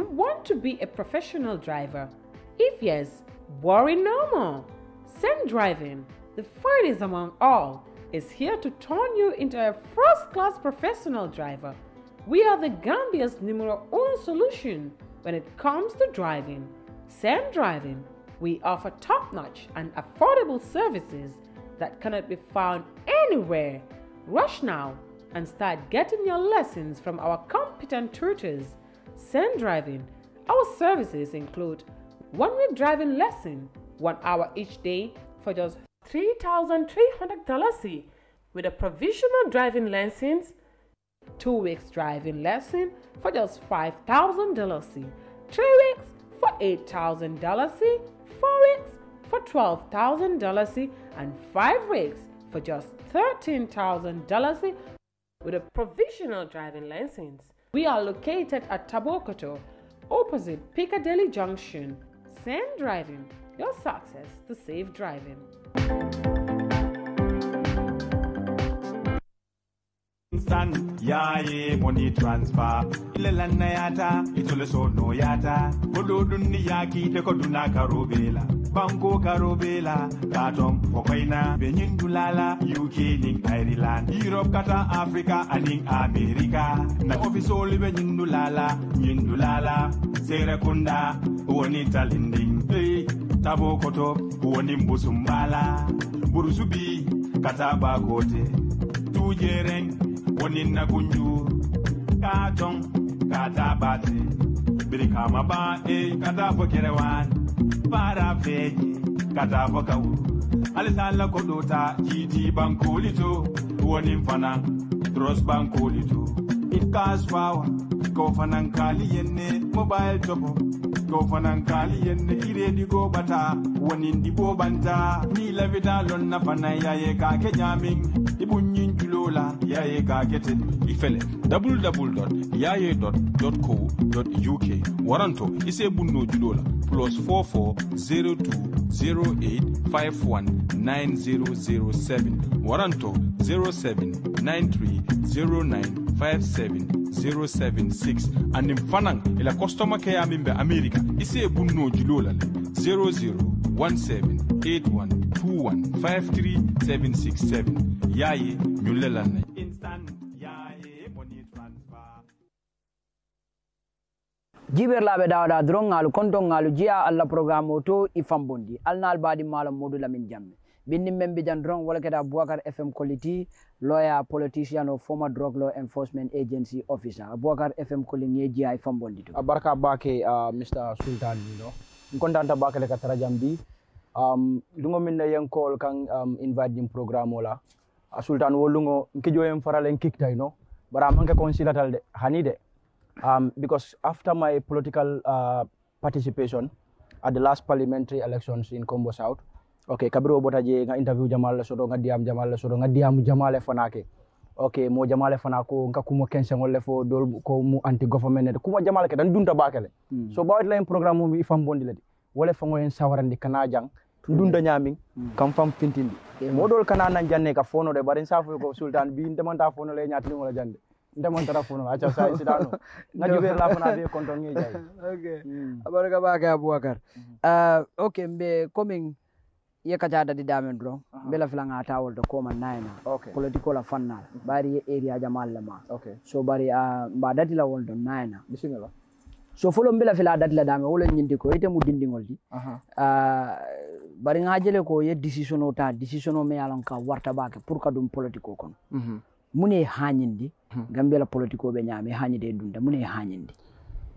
you want to be a professional driver? If yes, worry no more. Sam Driving, the finest among all, is here to turn you into a first class professional driver. We are the Gambia's numero uno solution when it comes to driving. Sam Driving, we offer top notch and affordable services that cannot be found anywhere. Rush now and start getting your lessons from our competent tutors send driving. Our services include one week driving lesson, one hour each day for just $3,300 with a provisional driving license, two weeks driving lesson for just $5,000, three weeks for $8,000, four weeks for $12,000, and five weeks for just $13,000 with a provisional driving license. We are located at Tabokoto, opposite Piccadilly Junction. Send driving, your success to safe driving. Stan yaye money transfer ilalan na yata itule so no yata bodo duniya ki te ko duna karobela banko karobela katom kokoina benin dulala UK ning Ireland Europe kata Africa aning America na office oli benin dulala nin dulala sere kunda woni talinding hey tabo koto woni mbusumbala burusubi kata bagote. tujereng wani na gunju ka ton ka ta bati biri ka ba e ka ta fo kerewan para feji ka ta fo kawu alisa la ko do jiti bankoli to wani fana dros bankoli to in cash power ko fanan kali yenne mobile jobo, kofanangali fanan kali yenne iredi go bata wani ndi bo banta ni lavita lon na ya ya ka ke jamin yaye gaketen ifele www.yaye.co.uk waranto ise bunnoju ɗola plus 440208519007 waranto 0793095706 anin fanan ila customer care min be america ise bunnoju ɗola le 0017 8121 53767 yaye ñullelanay instant, ya e money transfer. jibirlaɓe dawɗa doron ngalu konton ngalu jeeya allah programme o to i fambondi alnaal baɗi malam modou lamin jamme ɓinnin men mbijan doron wolkeda boubacar fm quality loya politicien o former drog law enforcement agency officer boubacar fm colin ye jeeya e fambondi to barka bake uh, mr sultan ɗo mi contanta bakele ka tara jam bi um, ɗugo min na yenkowol kan um, invite ɗin programme o la Asultan sultan wolungo nkijo en faral en kikta no know but i'm consider dal de hani um because after my political uh, participation at the last parliamentary elections in Combo South okay kabro bota je nga interview jamal sodo nga diam jamal sodo nga diam jamal fanake okay mo jamal fana ko nka kumo kense ngolle fo dol ko mu anti government kumo jamal ke dan dunta bakale mm. so bawit la en programme mo ifam bondi le, wala fa ngoyen sawarandi kana jang ndunda ñaming mm. mm. kam fam pintindi modol kana nan janne ka fono de barin safo ko sultan bi ndemanta fono le ñatni wala jande ndemontara fono acca sa sidano ngaji wer la fana be konto ngi jay ok mm. abaraka ba ka abubakar ah mm-hmm. uh, ok mbe coming ye kacada di damen dron bela fila nga tawol to koma nayna okay. politiko la fannala mm-hmm. bari area jamal le okay. so bari uh, mba dati la wol do nayna bisimilla so folo bela fila dati la dame wolo nyindi ite mu dindingol di uh uh, bari nga jëlee ko ye decision o ta decision o me yalan ka warta baake pour ka dum politiko kono mm -hmm. mune e hañindi mm -hmm. gambela politiko be ñaami e hañide e dunda mune hañindi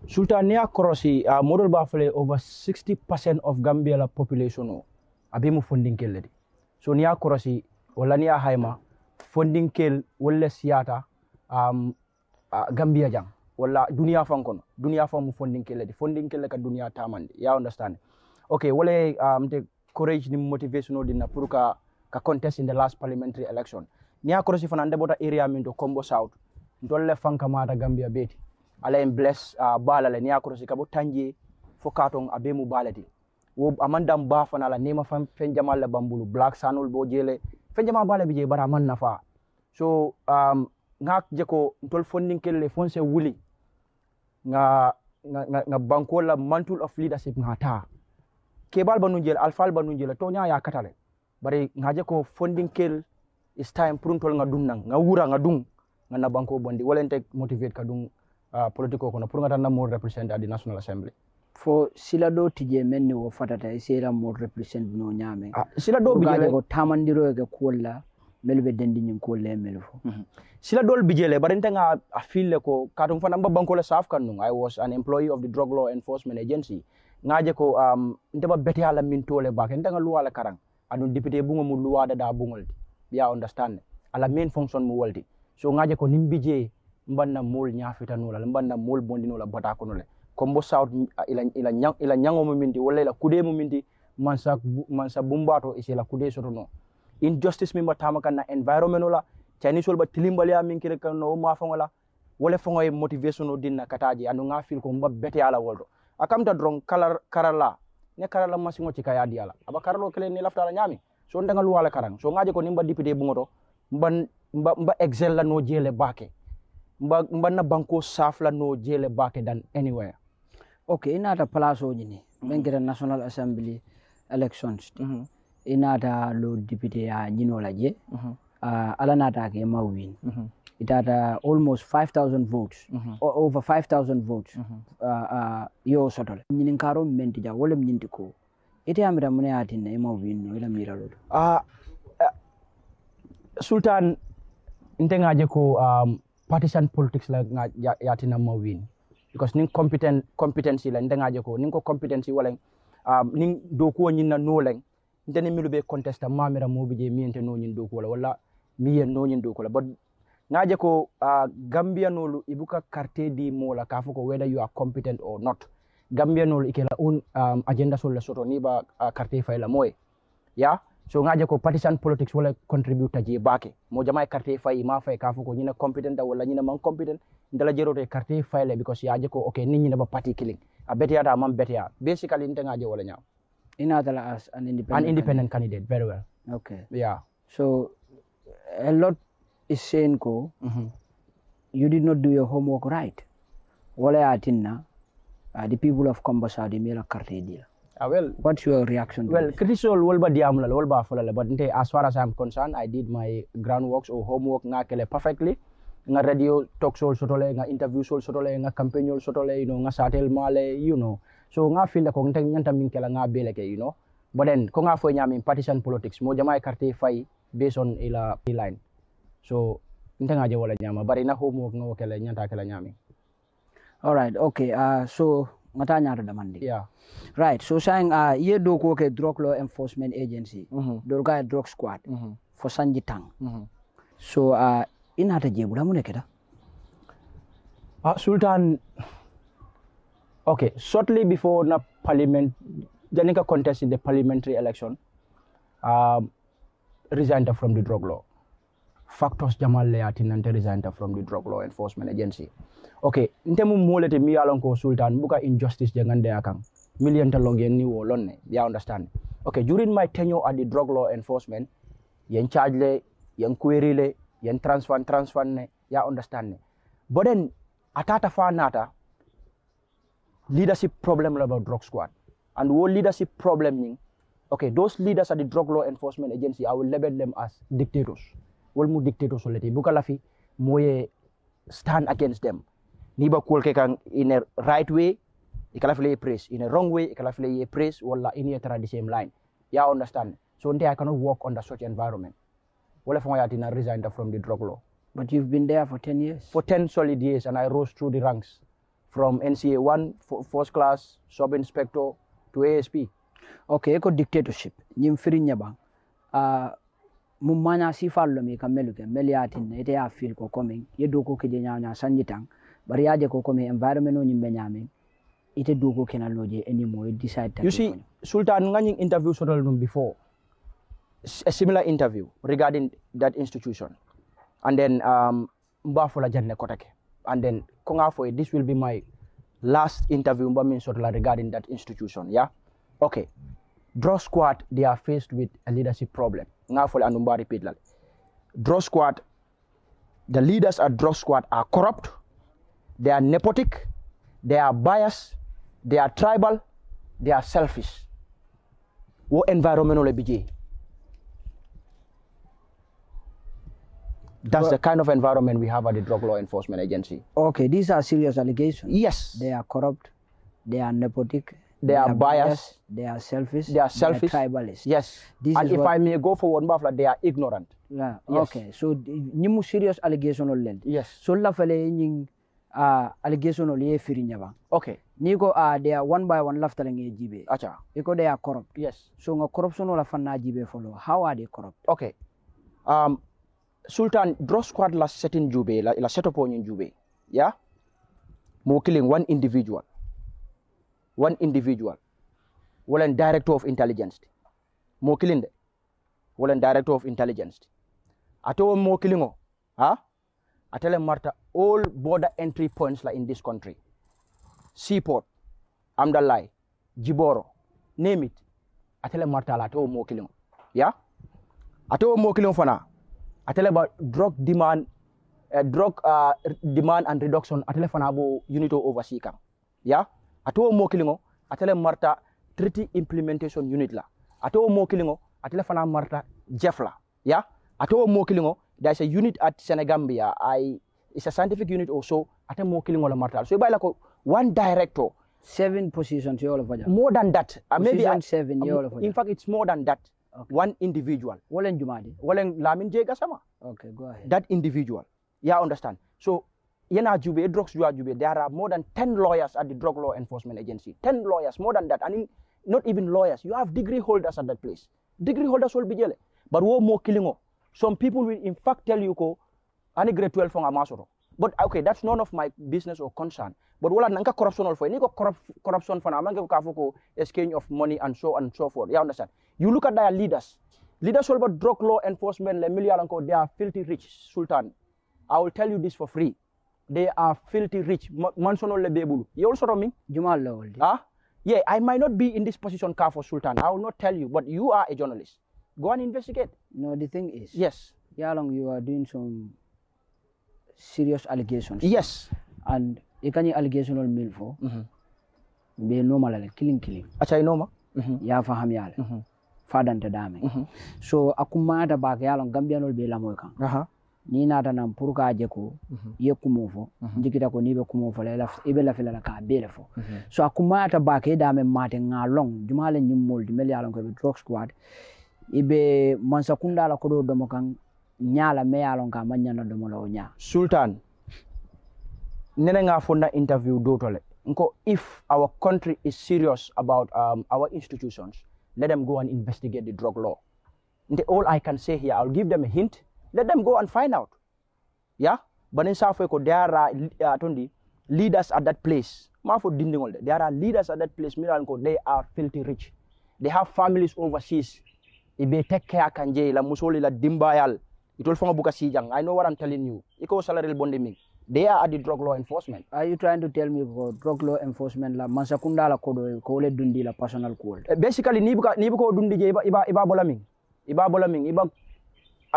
sultan ne a korosi a uh, modol ba fele over 60% of gambela population o abe mu fondinkel ledi so ni a korosi wala ni a hayma fondinkel wolle siyata um, uh, gambia jang wala duniya fan kono duniya fan mu fondinkel ledi fondinkel le ka duniya tamande ya understand ok wala um, courage ni motivation odi na puruka ka contest in the last parliamentary election ni akoro si fana ndebota area min do combo south ndolle fanka mata gambia beti ala en bless uh, bala le ni akoro si kabo tanje fo katon abe mu balati wo amandam ba fana la nema fam fen jamal la bambulu black sanul bo jele fen jamal bala bi je bara man nafa so um, ngak je jeko ntol fondin le fonse wuli nga nga, nga, nga bankola mantle of leadership ngata kebal banunjel alfal banunjel to nya ya katale bari ngaje ko funding kel is time pruntol nga dum nang nga wura nga dum nga na banko bondi walente motivate ka dum uh, ah, politiko no pour nga tan na mo represent di national assembly fo sila do tije men ni wo fatata e sera mo represent no nyame ah, sila do bijele ko tamandiro ke kolla melu be dendi nyin kolle melu fo mm -hmm. sila dol bari barente nga afile ko katum fana mba banko la saf kanu i was an employee of the drug law enforcement agency ngaje ko um, nteba beti ala min tole bake ntanga luwa la karang adun député bu mu luwa da da bungol ya understand ala main function mu waldi so ngaje ko nimbije mbanna mol nyafita nula mbanna mol bondi nula bata ko nula kombo saut uh, ila ila nyang ila nyango mu mindi wala ila kude mu mindi mansa mansa bumbato e la kude soto no injustice mimba tamaka na environment wala chinese wala tilimbali ya minkire kan no ma fongola wala fongoy motivation no dinna kataji anu nga fil ko mbab ala woldo akam da dron kalar karala ne karala masih ci kaya di ala aba karalo kele ni laftala nyami so ndanga lu wala karang so ngaje ko nimba dipide bungoto mban mba mba excel la no jele bake mba mba na banko saf la no jele bake dan anywhere okay ina da place o ni mengira national assembly elections mm -hmm. ina da lo dipide ya nyino la je mm -hmm. uh, ah, ala na ta ke mawin mm -hmm. it had uh, almost 5000 votes mm -hmm. over 5000 votes mm -hmm. uh, uh, yo sotole ñinin karo menti ja wolem ñinti ko ite amira mune atinna imo winno ila mira lolu uh, ah, uh, eh, sultan ntenga je ko um, partisan politics la nga yatina mo win because ning competent competency la ndenga je ko ning ko competency wala um, ning do ko ñinna no leng ntene milu be contesta mamira mo bi je mi ente no ñin do ko wala wala mi yen no ñin do ko la but ngaje ko uh, gambianolu ibuka quartier di mola ka fo ko whether you are competent or not gambianolu ikela un um, agenda sol soto ni ba uh, quartier la moy ya so ngaje ko partisan politics wala contribute je bake mo jama quartier fay ma fay ka ko ñina competent da wala ñina man competent ndala jerote quartier fayla because ya ko okay ni ñina ba party killing a betia da man betia basically inte ngaje wala ñaaw ina dala as an independent an independent candidate. candidate very well okay yeah so a lot is saying ko mm -hmm. you did not do your homework right wala ya uh, the people of Kombasa di mira carte dila ah, well what's your reaction to well critical wolba diamla wolba la but nte as far as i'm concerned i did my groundworks or homework kele perfectly nga radio talk show sotole nga interview show sotole nga campaign show sotole you know nga satel male you know so nga feel ko nte nyanta min kala nga bele ke you know but then ko nga fo nyami partisan politics mo jamaay carte fay based on ila line so ntanga je wala nyama bari na homework ngo kala nyanta kala nyami all right okay uh, so ngata da damandi yeah right so saying uh, ye do ko ke drug law enforcement agency mm -hmm. do ga drug squad mm -hmm. for sanji tang mm -hmm. so uh, inata je bula mun keda uh, sultan okay shortly before na parliament janika contest in the parliamentary election um, resigned from the drug law factors jamal le nan terizanta from the drug law enforcement agency ok ntemu molete mi yalon ko sultan buka injustice jangande akang million talongen ni wo lonne ya understand okay during my tenure at the drug law enforcement yen charge le yen query le yen transfer transfer ne ya understand ne but then atata fa nata leadership problem about drug squad and wo leadership problem ning okay those leaders at the drug law enforcement agency i will label them as dictators wolmu bu ko la fi moye stand against them niba kulke kekan in a right way kala fle praise in a wrong way ikala file praise wala in a tradition same line ya understand so nte i cannot walk under such environment wala fanga yati na resign from the drug law but you've been there for 10 years for 10 solid years and i rose through the ranks from nca 1 first class sub inspector to asp okay ko dictatorship nim firi nyaba uh, ah, Mumanya manya sifal lo mi kammelu ke mel yatin ne ite ya feel ko coming. ye doko ke nya nya sanji bari ko komin environment no nyimbe nyame ite anymore ke naloje eni mo decide you see sultan ngani interview so before a similar interview regarding that institution and then um mbafula janne kotake and then konga for this will be my last interview mbamin sotla regarding that institution yeah okay Draw squad, they are faced with a leadership problem. Now for Anumba repeat that. Draw squad, the leaders at Draw squad are corrupt, they are nepotic, they are biased, they are tribal, they are selfish. What environmental BJ? That's the kind of environment we have at the drug law enforcement agency. Okay, these are serious allegations. Yes. They are corrupt, they are nepotic, They, are, biased. They are selfish. They are selfish. They are tribalist. Yes. This and if I may go for one buffalo, they are ignorant. Yeah. Yes. Okay. So nyimu serious allegation land. Yes. So la fale ying uh, ah, allegation on ye firi nyaba. Okay. Nigo uh, ah, they are one by one telling lengi jibe. Acha. Iko they are corrupt. Yes. So nga corruption ola fanna jibe follow. How are they corrupt? Okay. Um, Sultan draw squad la setting jube la, la set up on jube. Yeah. Mo killing one individual. one individual walan director of intelligence mo kilinde director of intelligence ato mo kilingo ha atele marta all border entry points la in this country seaport amdalai jiboro name it atele marta la ato mo kilingo ya yeah? ato mo kilingo fana atele ba drug demand uh, drug uh, demand and reduction atele fana bo unito oversee kam ya yeah? ato mo kilingo atele marta treaty implementation unit la ato mo kilingo atele fana marta jef la ya ato mo kilingo there's a unit at senegambia i it's a scientific unit also ate mo kilingo la marta so buy ko one director seven positions all of that. more than that uh, maybe at, seven all of in fact it's more than that okay. one individual wolen jumadi wolen lamin jega sama okay go ahead that individual yeah understand so Yenajube, drugs Juajube, there are more than 10 lawyers at the Drug Law Enforcement Agency. 10 lawyers, more than that. I and mean, not even lawyers. You have degree holders at that place. Degree holders will be jail. But what more killing? Some people will in fact tell you, ko, any grade 12 from Amasoro. But okay, that's none of my business or concern. But wala nanka corruption all for any corruption for amanga kafuko exchange of money and so on and so forth. You understand? You look at their leaders. Leaders all about drug law enforcement, they are filthy rich, Sultan. I will tell you this for free they are filthy rich. Mansono lebebulu. You also know me? Jumala Ah? Yeah, I might not be in this position car for Sultan. I will not tell you, but you are a journalist. Go and investigate. No, the thing is. Yes. Yalong, you are doing some serious allegations. Yes. And you can allegation on me for. Mm-hmm. Be normal, like killing, killing. Achai normal? Mm-hmm. Ya faham yale. Mm-hmm. Fadante dame. So, akumada bag yalong Gambian will be la kan. Uh -huh. ni nata nan pour k'a je ko i mhm. ye kumo mhm. njikita n jigita ko nibe bɛ kumo la i bɛ lafila la k'a bee le fɔ so akumata kumayata baake i daamɛ maate ŋa lɔŋ juma le ñim ko be drug squad i be mansa kunda la kodoo domo kaŋ ñaa la me ye a ka ma ñana domo la o ñaa sultan nene ŋa fonna interview dooto nko if our country is serious about um, our institutions let them go and investigate the drug law and all i can say here i'll give them a hint let them go and find out yeah banin safo ko there are uh, leaders at that place mafo dindingol de there are leaders at that place milan ko they are filthy rich they have families overseas e be take care kanje la musoli la dimbayal itol fanga buka sijang i know what i'm telling you iko salary bonde ming they are at the drug law enforcement. Are you trying to tell me about drug law enforcement la Basically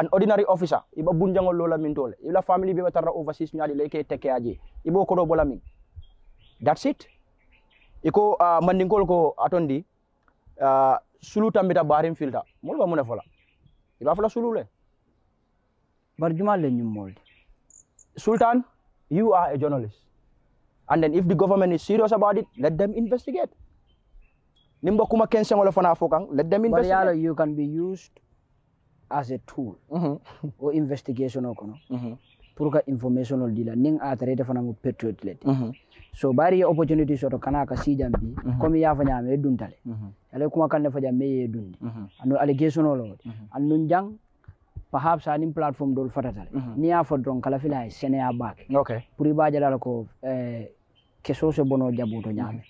an ordinary officer iba bunjango lola min dole ila family be tara overseas nyaali leke teke aje ibo ko do bola min that's it iko uh, mandingol ko atondi uh, sulu tambita barim filta mol ba mun fola iba fola sulu le barjuma le nyum mol sultan you are a journalist and then if the government is serious about it let them investigate nimba kuma kensengola fana fokan let them investigate but you can be used as a tool mm-hmm. o investigation o kono mm-hmm. pour ka information ol dila ning a tarete fana mo patriot leti mm-hmm. so bari opportunity soto kana ka sijan bi comme yafa ñaame e duntale mm -hmm. ala kuma kanne faja me ye dundi ano allegation ol wodi annun jang perhaps anin platform dol fatatale ni ya fo don kala filay e sene ya pour iba jala ko eh, keso se bono jabuto ñaame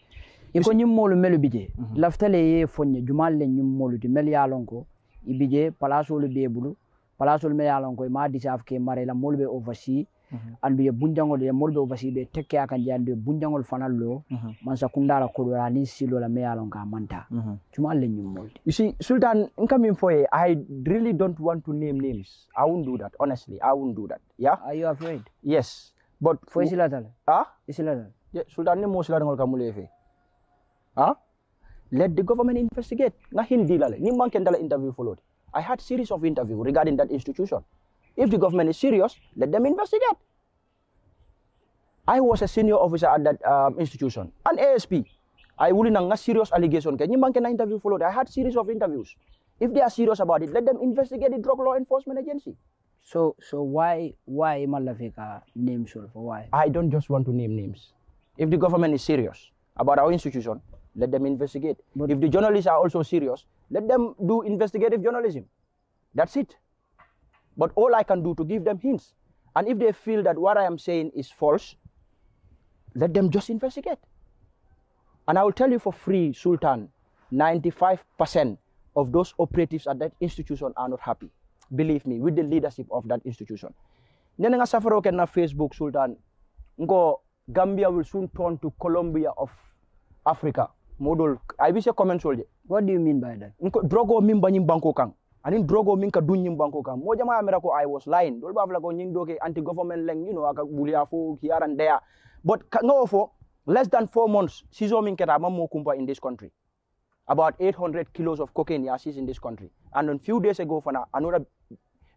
mm -hmm. molu melu bije laftale ye fonye jumal le molu di mel ya lon ko ibije palasolu be bulu palasol me yalon koye ma disaf ke marela molu be oversi mhm. andu ye bunjangol ye molu be oversi ɓe tekke akandi andu ye bunjangol fanal lo mhm. mansa kundala koɗola nin silola me yalon ka manta cuma mhm. alle ñimmolde you see sultan nka min foye i really don't want to name names i won't do that honestly i won't do that yeah are you afraid yes but fo isilatala a ah? isilatala sultan ni mo silatagol kamule fe a ah? Let the government investigate. Nga hindi lale. Ni man kendala interview followed. I had series of interview regarding that institution. If the government is serious, let them investigate. I was a senior officer at that um, institution, an ASP. I will nang serious allegation. Can you man can interview followed? I had series of interviews. If they are serious about it, let them investigate the drug law enforcement agency. So, so why why Malavika name for Why? I don't just want to name names. If the government is serious about our institution, let them investigate. But if the journalists are also serious, let them do investigative journalism. That's it. But all I can do to give them hints. And if they feel that what I am saying is false, let them just investigate. And I will tell you for free, Sultan, 95% of those operatives at that institution are not happy. Believe me, with the leadership of that institution. Nene nga safaro na Facebook, Sultan. Gambia will soon turn to Colombia of Africa modol ay bi se comment solje what do you mean by that nko drogo min banyim banko kan anin drogo min ka dunyim banko kan mo jama amira ko i was lying dol ba fla ko nyin doke anti government leng you know aka bulia fo kiaran there but no for less than 4 months sizo min keta mammo kumpa in this country about 800 kilos of cocaine yasis in this country and a few days ago for now, another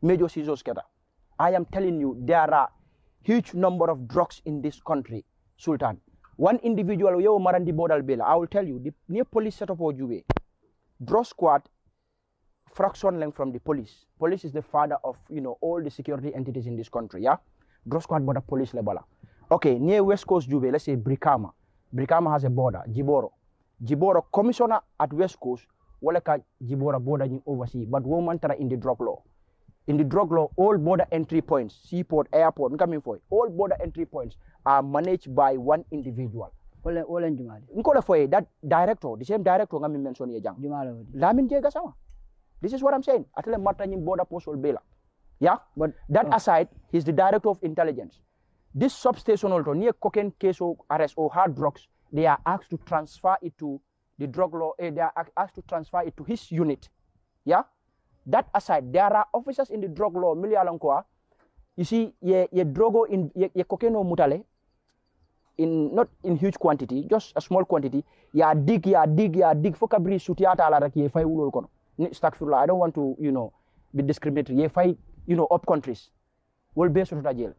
major seizure scatter i am telling you there are huge number of drugs in this country sultan one individual we o marandi bodal bela i will tell you the near police setup o juwe draw squad fraction length from the police police is the father of you know all the security entities in this country yeah draw squad border police lebala ah. okay near west coast juwe let's say brikama brikama has a border jiboro jiboro commissioner at west coast waleka ka border in overseas, but wo man in the drop law in the drug law, all border entry points, seaport, airport, I'm coming for it, all border entry points are managed by one individual. Ole ole njumali. for eh, that director, the same director I mentioned ye jang. Lamin jega This is what I'm saying. tell him, nyim border post be bela. Yeah? But that oh. aside, he's the director of intelligence. This substation also near cocaine case or arrest or hard drugs, they are asked to transfer it to the drug law, eh, they are asked to transfer it to his unit. Yeah? That aside, there are officers in the drug law, Mili Alankwa. You see, ye, ye drogo in ye, ye cocaine mutale, in not in huge quantity, just a small quantity. Ya dig, ya dig, ya dig. for bri sutiata ala raki ye fai ulol I don't want to, you know, be discriminatory. Ye fai, you know, up countries. Will be sort of jail.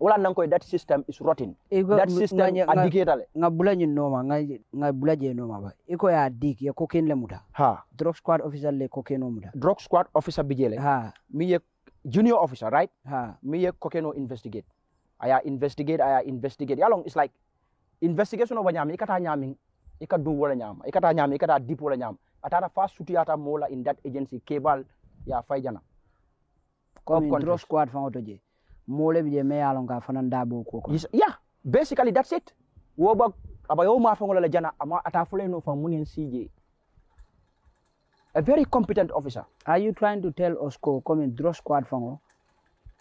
wala nanko e, that system is rotten Ego, that system adiketale nga bulanyin noma nga nga bulaje noma ba iko e ya dik ya cocaine le muda ha drug squad officer le cocaine muda drug squad officer bijele ha mi ye junior officer right ha mi ye cocaine investigate aya investigate aya investigate yalong it's like investigation oba nyami ikata e nyami ika du wala nyama ikata nyami ikata deep wala nyama atata fa sutu mola in that agency cable ya fay jana comme control squad fa otoje mole bije me ya lon ka fanan bo ko yeah basically that's it wo ba aba yo ma fangola la jana ama ata fule no fam munen sije a very competent officer are you trying to tell us ko come draw squad fango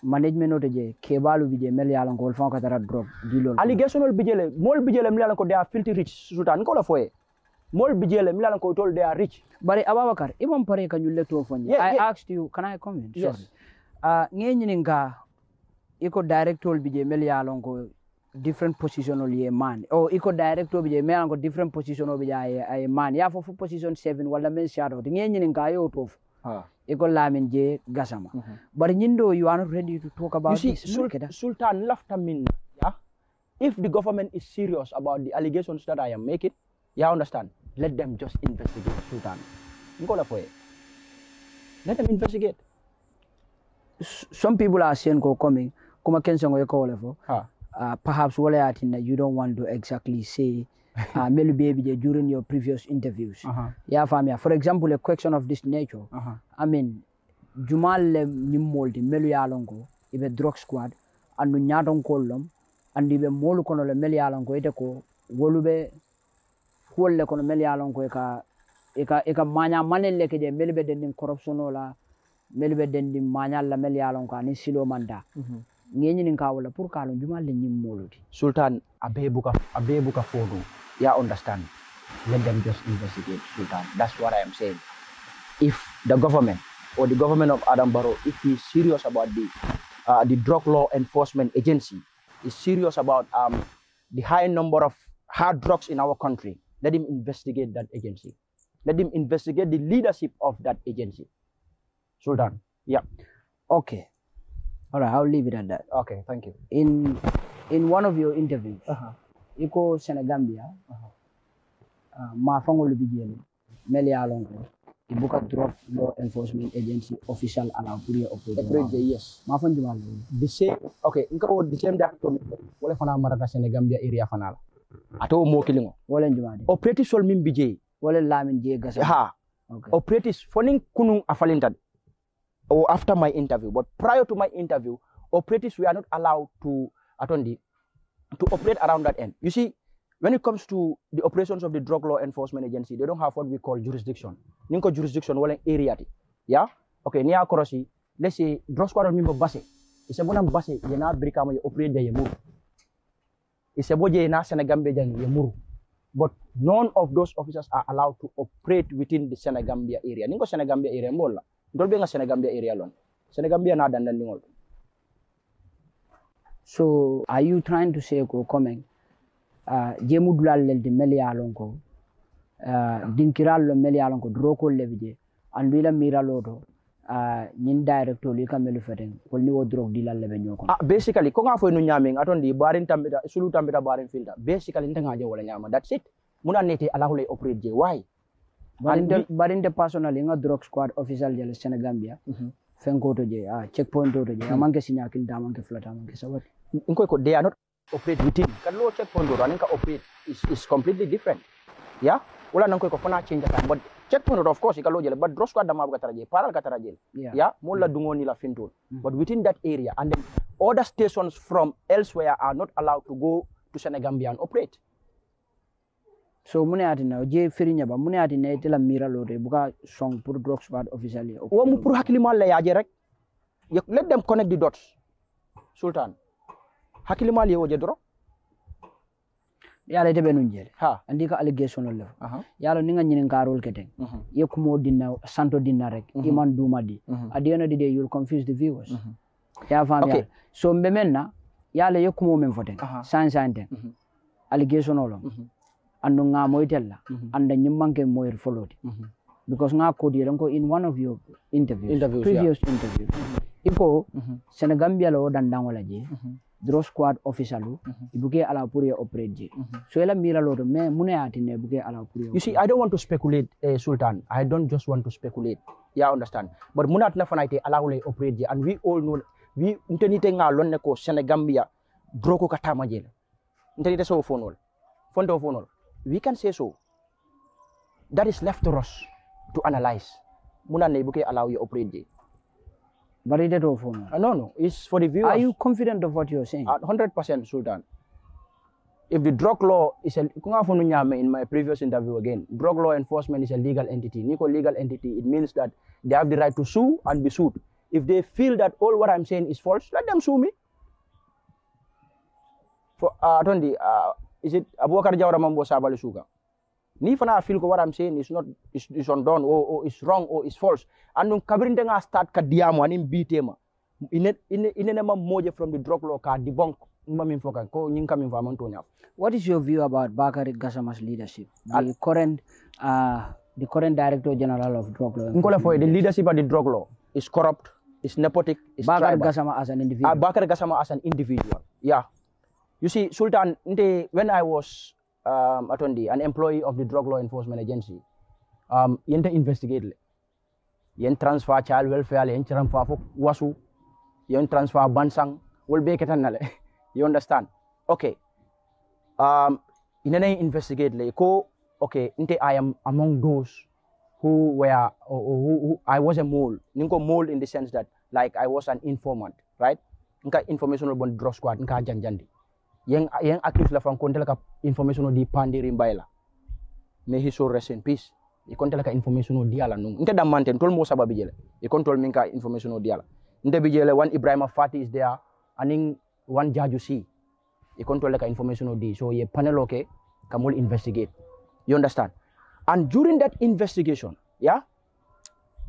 management no je kebalu bije mel ya lon ko fam ka tara drop dilol allegation ol bije le mol bije le mel ko they filthy rich sutan ko la foye mol bijele milan ko tol they rich bare ababakar imam pare ka nyulle to fonye yeah, i asked you can i comment yes. sorry uh, ah, ngenyi nga iko director, ol bije mel ko different position ol ye man o iko director, ol bije mel ko different position ol bije ay, ay man ya fo position 7 wala men shadow de ngi nyin ka yo tof ha iko lamin je gasama mm -hmm. but nyindo you are not ready to talk about you see, this Sul sultan lafta minna yeah if the government is serious about the allegations that i am making you understand let them just investigate sultan ngola foye let them investigate some people are saying go coming kuma kensongo ye ko level uh, ah, perhaps wala yatin that you don't want to exactly say uh, maybe baby during your previous interviews uh -huh. yeah famia for example a question of this nature uh -huh. i mean jumale nyimoldi melu yalongo ibe drug squad andu nyadon kollom andi be molu kono le melu yalongo ite ko wolube kolle kono melu yalongo e ka e ka manya manelle ke je melu be den corruption ola melu be den maanya la melu yalongo ani silo manda mm -hmm. ngeñinin kawola pour kalon juma le ñimmoludi sultan abe buka abe buka fodu ya understand let them just investigate sultan that's what i am saying if the government or the government of adam baro if he is serious about the uh, the drug law enforcement agency is serious about um, the high number of hard drugs in our country let him investigate that agency let him investigate the leadership of that agency sultan yeah okay All right, I'll leave it at that. Okay, thank you. In in one of your interviews, uh-huh. iko Senegambia, uh-huh. uh, mafango lubijele, mele alongo, ya ibuka drop law enforcement agency official ala kuria operate. Operate, yes. phone is The same, okay, nka the same that to wale fana marata Senegambia area fana la. Ato mo kilingo. Wale jumalo. Operative sol min Wale lamin je gasa. Ha. Okay. Operative fonin kunung afalintad. or after my interview. But prior to my interview, operatives were not allowed to attend the, to operate around that end. You see, when it comes to the operations of the drug law enforcement agency, they don't have what we call jurisdiction. Ninko jurisdiction wala area ti. Yeah? Okay, niya korosi, let's say drug squad on mimbo base. Isa bonang base yena brika mo operate move. It's Isa boje yena Senegambe jang muru. But none of those officers are allowed to operate within the Senegambia area. Ninko Senegambia area mola. dol be nga Senegambia area lon Senegambia na dan dandingol so are you trying to say ko coming uh, ah, jemu dulal lel de melia lon ko uh, ah, dinkiral lo melia lon ko droko lebje andila miralo do ñin ah, uh, directo li kamelu feten wol ni wo drog di lalle be ñoko ah basically ko nga fo no ñame nga di barin tambita sulu tambita barin filta basically nta je wala ñama that's it muna nete alahulay operate je why baɗinde personnel nga drug squad official jele Gambia, mm -hmm. ah je a checkpoint to je mhm. amanke ke flat, flata ke sawat inkoy ko they are not operate within kan lo checkpoint to ka operate is, is completely different yeah wala nan ko ko fana change ka but checkpoint of course lo jele but drug squad dama buka taraje paral ka taraje yeah, yeah? molla dungo -hmm. dungoni la fintol mm. but within that area and then other stations from elsewhere are not allowed to go to Gambia and operate So mune ati na je feri nyaba ne ati na itela mira lore buka song pour drugs bad officially. Wo mu pour hakili mal la yaaje rek. Let them connect the dots. Sultan. Hakili mal ye woje doro. yala ite benu njere ha andi ka allegation lol uh -huh. yala ninga nyine ngarol keten uh mhm. -huh. ye kumo dinna santo dinna rek uh mhm. -huh. iman duma di uh mhm. -huh. at the you'll confuse the viewers uh -huh. ya fam okay. so mbe menna yala ye kumo men foten uh -huh. san san den, uh -huh. allegation lol uh -huh. andu nga moy tella mm-hmm. anda nyimmanke moy folodi mm-hmm. because nga ko dire ko in one of your interviews, interviews previous yeah. interview iko mm-hmm. senegambia lo dandango la je draw squad officer lu ibuke ala pour ye operate je so ela mira lo do mais mune atine ibuke ala pour e you see i don't want to speculate uh, sultan i don't just want to speculate yeah understand but muna tina fanaite ala wala operate je and we all know we ntenite nga lonne ko senegambia draw ko katama je ntenite so fonol fonto fonol we can say so that is left to us to analyze muna ne allow you operate there but it is for me. no no it's for the viewers are you confident of what you're saying at uh, 100% sultan if the drug law is a in my previous interview again drug law enforcement is a legal entity nico legal entity it means that they have the right to sue and be sued if they feel that all what i'm saying is false let them sue me for uh, Tondi, uh, Is it Abubakar Jawara bo Sabali suka Ni fana fil ko what I'm saying is not is, is undone or, oh, or oh, is wrong or oh, is false. Andum de nga start ka diamo anin bitema. Ine inene ine moje from the drug law ka debunk min foka ko nyinka min man tonya. What is your view about Bakari Gasama's leadership? The Al current uh, the current director general of drug law. Ngola for the leadership of the drug law is corrupt, is nepotic, is Bakari Gasama as an individual. Uh, ah, Bakari Gasama as an individual. Yeah. You see, Sultan, when I was um, atondi, an employee of the Drug Law Enforcement Agency, um, yenta investigate le. transfer child welfare le, yen transfer fuk wasu, yen transfer bansang, will be nale. You understand? Okay. Um, inene investigate le, ko, okay, nte I am among those who were, or, or who, who, I was a mole. Ninko mole in the sense that, like, I was an informant, right? Nka information bond drug squad, nka janjandi yen yen accuse la fan kontela ka information di pandiri mbayla may he so rest in peace e informationo ka information o diala nun nte dammanten tol mo sababi jele e kontol min ka information o diala nte bi jele one ibrahima fati is there anin one jaju si e kontole ka information di so ye panel oke kamol investigate you understand and during that investigation yeah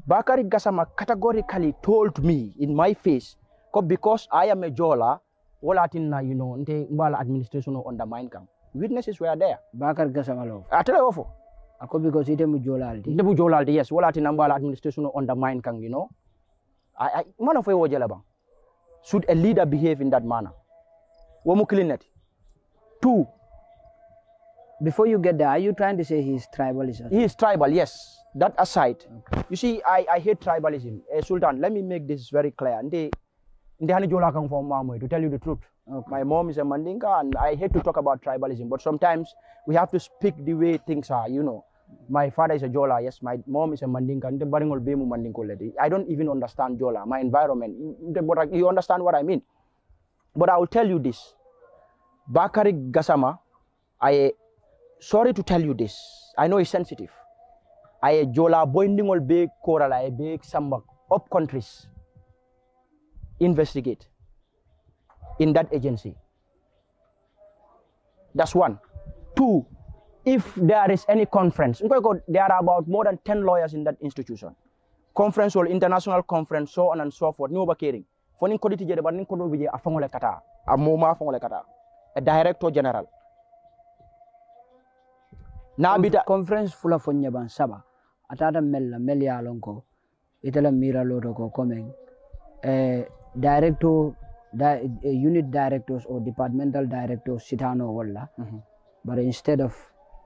bakari gasama categorically told me in my face because i am a jola wala tinna you know the mbala administration on the Kang witnesses were there bakar gasamalo ah, tell you what, because ite mu jolaldi ite mu jolaldi yes wala tinna mbala administration on the Kang, you know i, I mana fo wojela bang should a leader behave in that manner wo mu it. two before you get there, are you trying to say he's tribalism? He is tribal, yes. That aside, okay. you see, I, I hate tribalism. Uh, Sultan, let me make this very clear. Ndihani Jola come from Mamoy, to tell you the truth. Okay. Uh, my mom is a Mandinka, and I hate to talk about tribalism, but sometimes we have to speak the way things are, you know. My father is a Jola, yes, my mom is a Mandinka, I don't even understand Jola, my environment, but you understand what I mean. But I will tell you this Bakari Gasama, I sorry to tell you this, I know it's sensitive. I Jola boinding all big coral, I big sambak, up countries investigate in that agency. That's one. Two, if there is any conference, there are about more than 10 lawyers in that institution. Conference or international conference, so on and so forth. Ni For Fonin kodi tijere ba nin kodo bije afangole kata. Amoma afangole kata. A director general. Na bita conference fula fonya ban saba. Atada mella meli alonko. Itala mira lodo ko coming. Eh, director di unit directors or departmental directors sitano walla mm -hmm. but instead of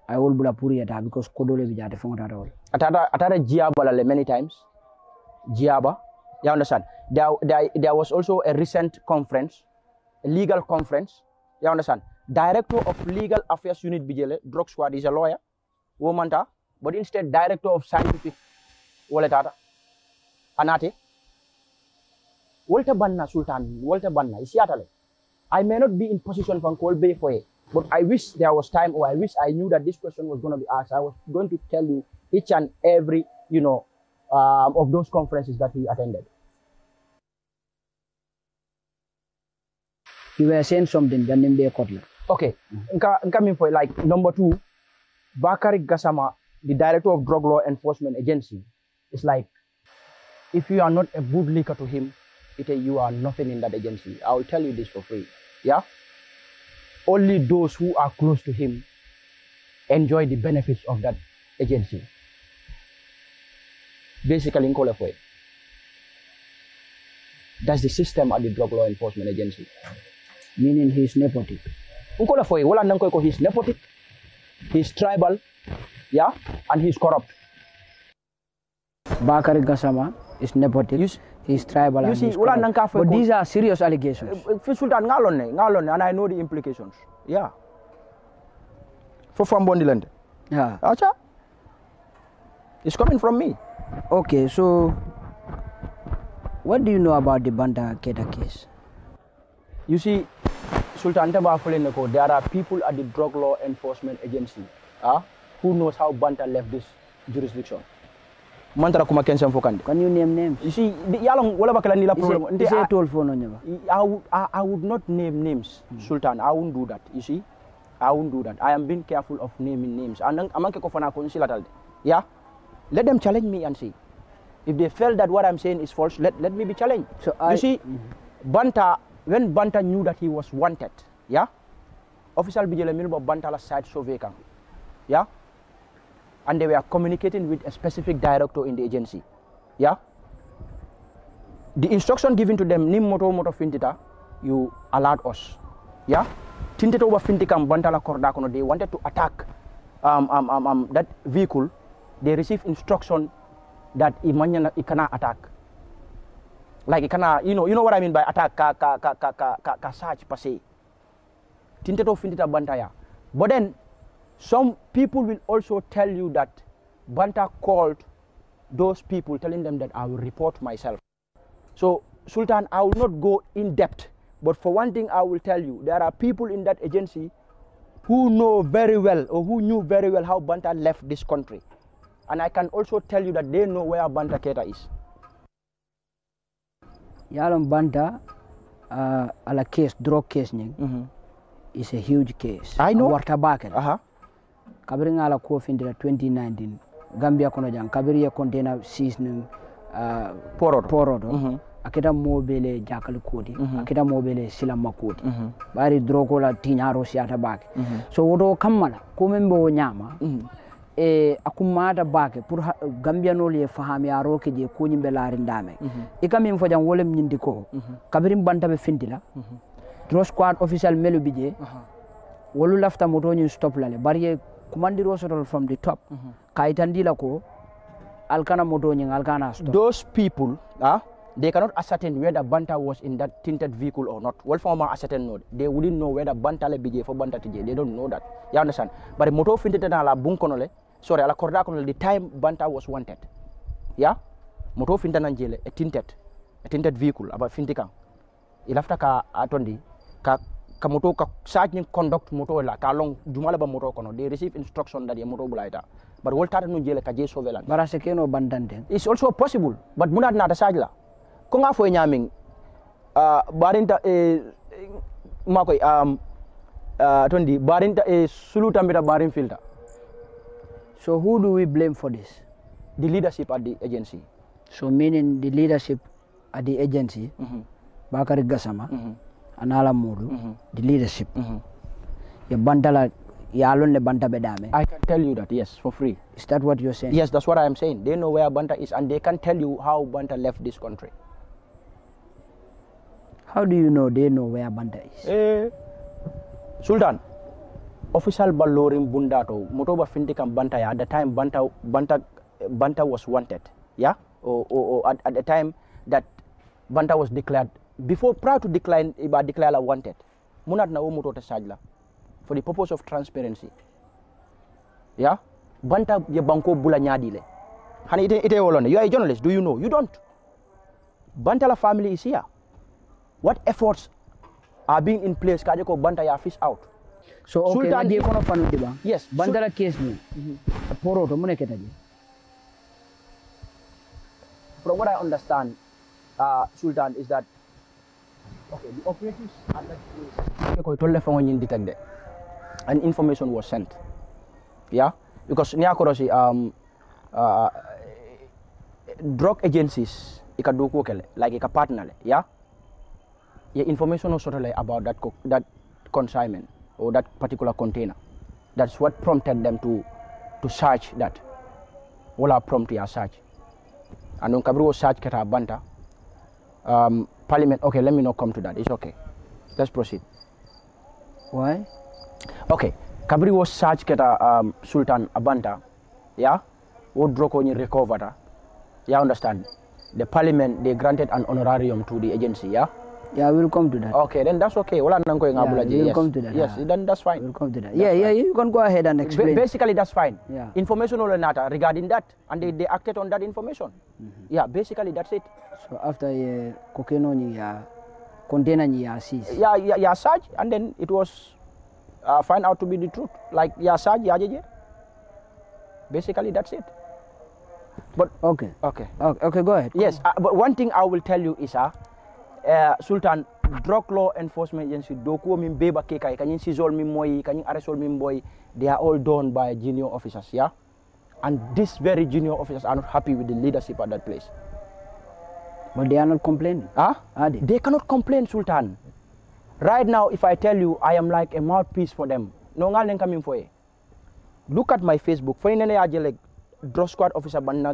i will bula puriyata because kodole bi jate fonta tawol atata atata jiaba le many times jiaba you understand there, there, there was also a recent conference a legal conference you understand director of legal affairs unit bijele drug squad is a lawyer woman ta but instead director of scientific wala tata anate Walter Banna Sultan, Walter Banna, Seattle. I may not be in position from Bay for it, but I wish there was time or I wish I knew that this question was going to be asked. I was going to tell you each and every, you know, um, of those conferences that he attended. You were saying something, the name they Kotler. Okay, mm -hmm. I'm coming for like number two, Bakari Gasama, the director of Drug Law Enforcement Agency, is like, if you are not a good leaker to him, you are nothing in that agency. I will tell you this for free. Yeah? Only those who are close to him enjoy the benefits of that agency. Basically, in way. That's the system at the drug law enforcement agency. Meaning he's nepotic. Nkolefwe, wala ko he's nepotic, he's tribal, yeah, and he's corrupt. Bakari Gasama is nepotism. He's tribal. You see, but these are serious allegations. Eh, eh, sultan, and I know the implications. Yeah. For from Bondiland. Yeah. Acha? It's coming from me. Okay, so what do you know about the Banda Keda case? You see, Sultan there are people at the Drug Law Enforcement Agency uh, who knows how Banta left this jurisdiction. man kuma kensen fo kandi can you name names you see yalo wala bakala ni la problem nde a ah, tol fo no nyaba I would, I, would not name names mm. sultan I won't do that you see I won't do that I am being careful of naming names and amanke ko fana ko sila tal yeah let them challenge me and see if they felt that what I'm saying is false let let me be challenged so I, you see mm -hmm. Banta when Banta knew that he was wanted yeah official bijele milbo Banta la side so vacant yeah and they were communicating with a specific director in the agency. Yeah? The instruction given to them, Nim moto moto fintita, you alert us. Yeah? Tintito wa fintikam bantala kordakono, they wanted to attack um, um, um, um, that vehicle. They received instruction that Imanyana it cannot attack. Like it cannot, you know, you know what I mean by attack, ka, ka, ka, ka, ka, ka, ka search per se. Tintito fintita bantaya. But then some people will also tell you that Banta called those people, telling them that I will report myself. So, Sultan, I will not go in depth, but for one thing, I will tell you there are people in that agency who know very well or who knew very well how Banta left this country. And I can also tell you that they know where Banta Keta is. Yalom Banta, uh, a case, drug case, mm -hmm. is a huge case. I know. Water bucket. Uh -huh. kabiri ŋa la kuo 2019 gambia kono jang kabiri ye kontena sis nin uh, porodo, porodo. Mm -hmm. akita moo be le jakali kuoti mm -hmm. akita moo be le silamma kuoti mm -hmm. bari doroko la tiñaro siyata baake mm -hmm. so woto kamma mm-hmm. e, la mm-hmm. ko men mm-hmm. be wo ñaama mm -hmm. e baake pour gambiyanolu ye fahamiyaro ke je koñim be laarindame mm -hmm. i ka min fo wolem ñindi ko mm -hmm. banta be finti mm -hmm. dro squad officiel melu bi je uh -huh. wolu lafta moto stop la le bari ye commandiro sotol from the top mm -hmm. kaitandila ko alkana moto nyinga alkana stop those people ah they cannot ascertain whether Banta was in that tinted vehicle or not. Well, from our ascertain node, they wouldn't know whether Banta le BJ for Banta TJ. They don't know that. You understand? But moto motor finted na la bunkonole, sorry, ala korda konole, the time Banta was wanted. Yeah? Motor finted na jele, a tinted, a tinted vehicle, about fintikang. Ilafta ka atondi, ka ka moto ka sajin conduct moto la ka long jumala ba moto kono they receive instruction that moto bulaita but wol tata no jele ka je sovelan bara se keno bandande it's also possible but munad na ta sajla ko nga fo nyaming uh, barinta e eh, makoy um uh, tondi barinta e sulu tambita barin filta so who do we blame for this the leadership at the agency so meaning the leadership at the agency mm -hmm. bakari gasama mm -hmm. anala mulu mm -hmm. the leadership mm -hmm. bandala ya alone banta bedame i can tell you that yes for free is that what you're saying yes that's what i am saying they know where banta is and they can tell you how banta left this country how do you know they know where banta is eh, sultan official balorim bundato motoba finti banta ya at the time banta banta banta was wanted yeah or, or, or at, at the time that banta was declared before prior to decline iba eh, declare la wanted munat na womuto ta charge for the purpose of transparency yeah banta ye banko bula nyaadi le hani ite ite wolone you are a journalist do you know you don't banta la family is here what efforts are being in place kaje ko banta ya fish out so okay sultan je kono fanu diba yes banta la case ni mm-hmm. poroto mune ketaje from what i understand uh, sultan is that Okay, the operatives at that place. and information was sent. Yeah, because niakorosi um uh, drug agencies ikaduku kele like ika partner yeah. Yeah, information was sort of like about that that consignment or that particular container. That's what prompted them to to search that. Wala prompt ya search. And on kabru search kata banta. Um, parliament. Okay, let me not come to that. It's okay. Let's proceed. Why? Okay. Kabri was search keta um, Sultan Abanta. Yeah? Wo droko ni recover. Yeah, understand? The parliament, they granted an honorarium to the agency. Yeah? Yeah, we'll come to that. Okay, then that's okay. Well, I'm going yeah, we'll yes. come to that. Yes, then that's fine. We'll come to that. That's yeah, fine. yeah, you can go ahead and explain. Ba basically, that's fine. Yeah. Information or not regarding that, and they, they acted on that information. Mm -hmm. Yeah, basically, that's it. So after uh, cocaine on your container, you ya seized. Yeah, yeah, yeah, search, and then it was uh, find out to be the truth. Like yeah, search, yeah, yeah, yeah. Basically, that's it. But okay, okay, okay, okay go ahead. Yes, uh, but one thing I will tell you is, Uh, Eh, sultan drug law enforcement agency doku min beba ke kay kanyin sizol min moy kanyin arrestol min boy they are all done by junior officers yeah and these very junior officers are not happy with the leadership at that place but they are not complaining huh? Ah? are they? they cannot complain sultan right now if i tell you i am like a mouthpiece for them no ngal in for you. look at my facebook fo nene ya jele drug squad officer ban na,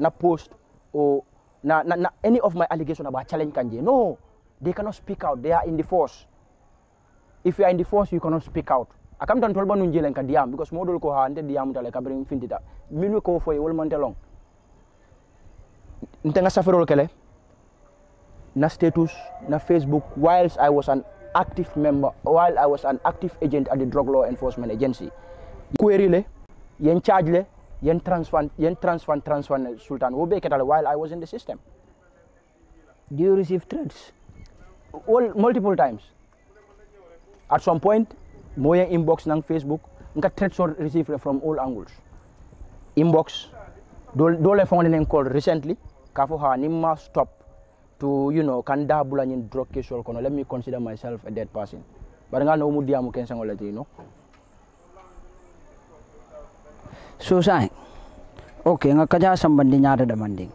eh, post or na, na, na any of my allegation about challenge Kanje. No, they cannot speak out. They are in the force. If you are in the force, you cannot speak out. Akam down tolba nun jelen kan diam because modul ko ha ante diam tale ka bring fintita. Minu ko foy wol long telong. nga safarol kele. Na status na Facebook whilst I was an active member while I was an active agent at the drug law enforcement agency. Query le, yen charge le, yen transfer yen transfer transfer sultan wo be ketala while i was in the system do you receive threats all multiple times at some point moye inbox nang facebook nka threats or receive from all angles inbox dole fonde nen call recently kafo ha nimma stop to you know kan da bula nyin drug case kono let me consider myself a dead person but nga no mu diamu kensango lati you know susah oke okay, ngakaja sambandi nyada da manding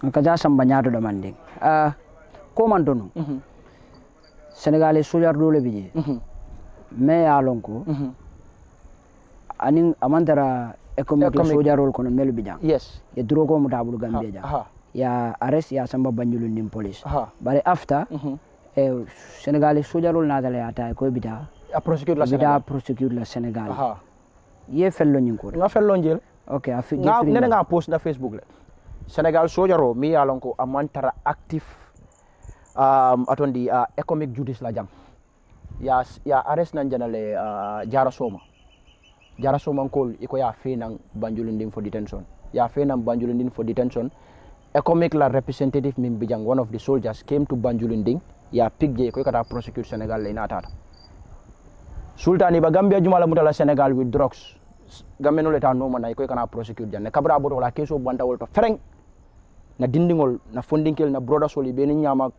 ngakaja sambandi nyada da manding ah uh, ko man mm -hmm. senegalé sujar dole bije mm -hmm. me mm -hmm. amantara economic sujarol kono melu bijan yes ye ya duro ko mutabul gambeja ha ya arrest ya samba banjulun nim police bare after mm -hmm. eh, senegalé sujarol nadala ya prosecute la Sénégal bida prosecute la Sénégal aha ye fello nyin ok a post facebook le Sénégal sojaro mi yalon aman amantara aktif um, atondi uh, economic judice la jam ya ya arrest nan janale uh, jara soma jara soma kol iko ya fe nan banjulindin for detention ya fe nan banjulindin for detention economic la representative min bijang one of the soldiers came to banjulindin ya pigje ko kata prosecute Senegal le na sultani ba gambia juma la mutala senegal with drugs gambe no leta no manay koy kana prosecute ne kabra boto la keso banda wolto fereng na dindingol na fondinkel na broda soli be ni nyama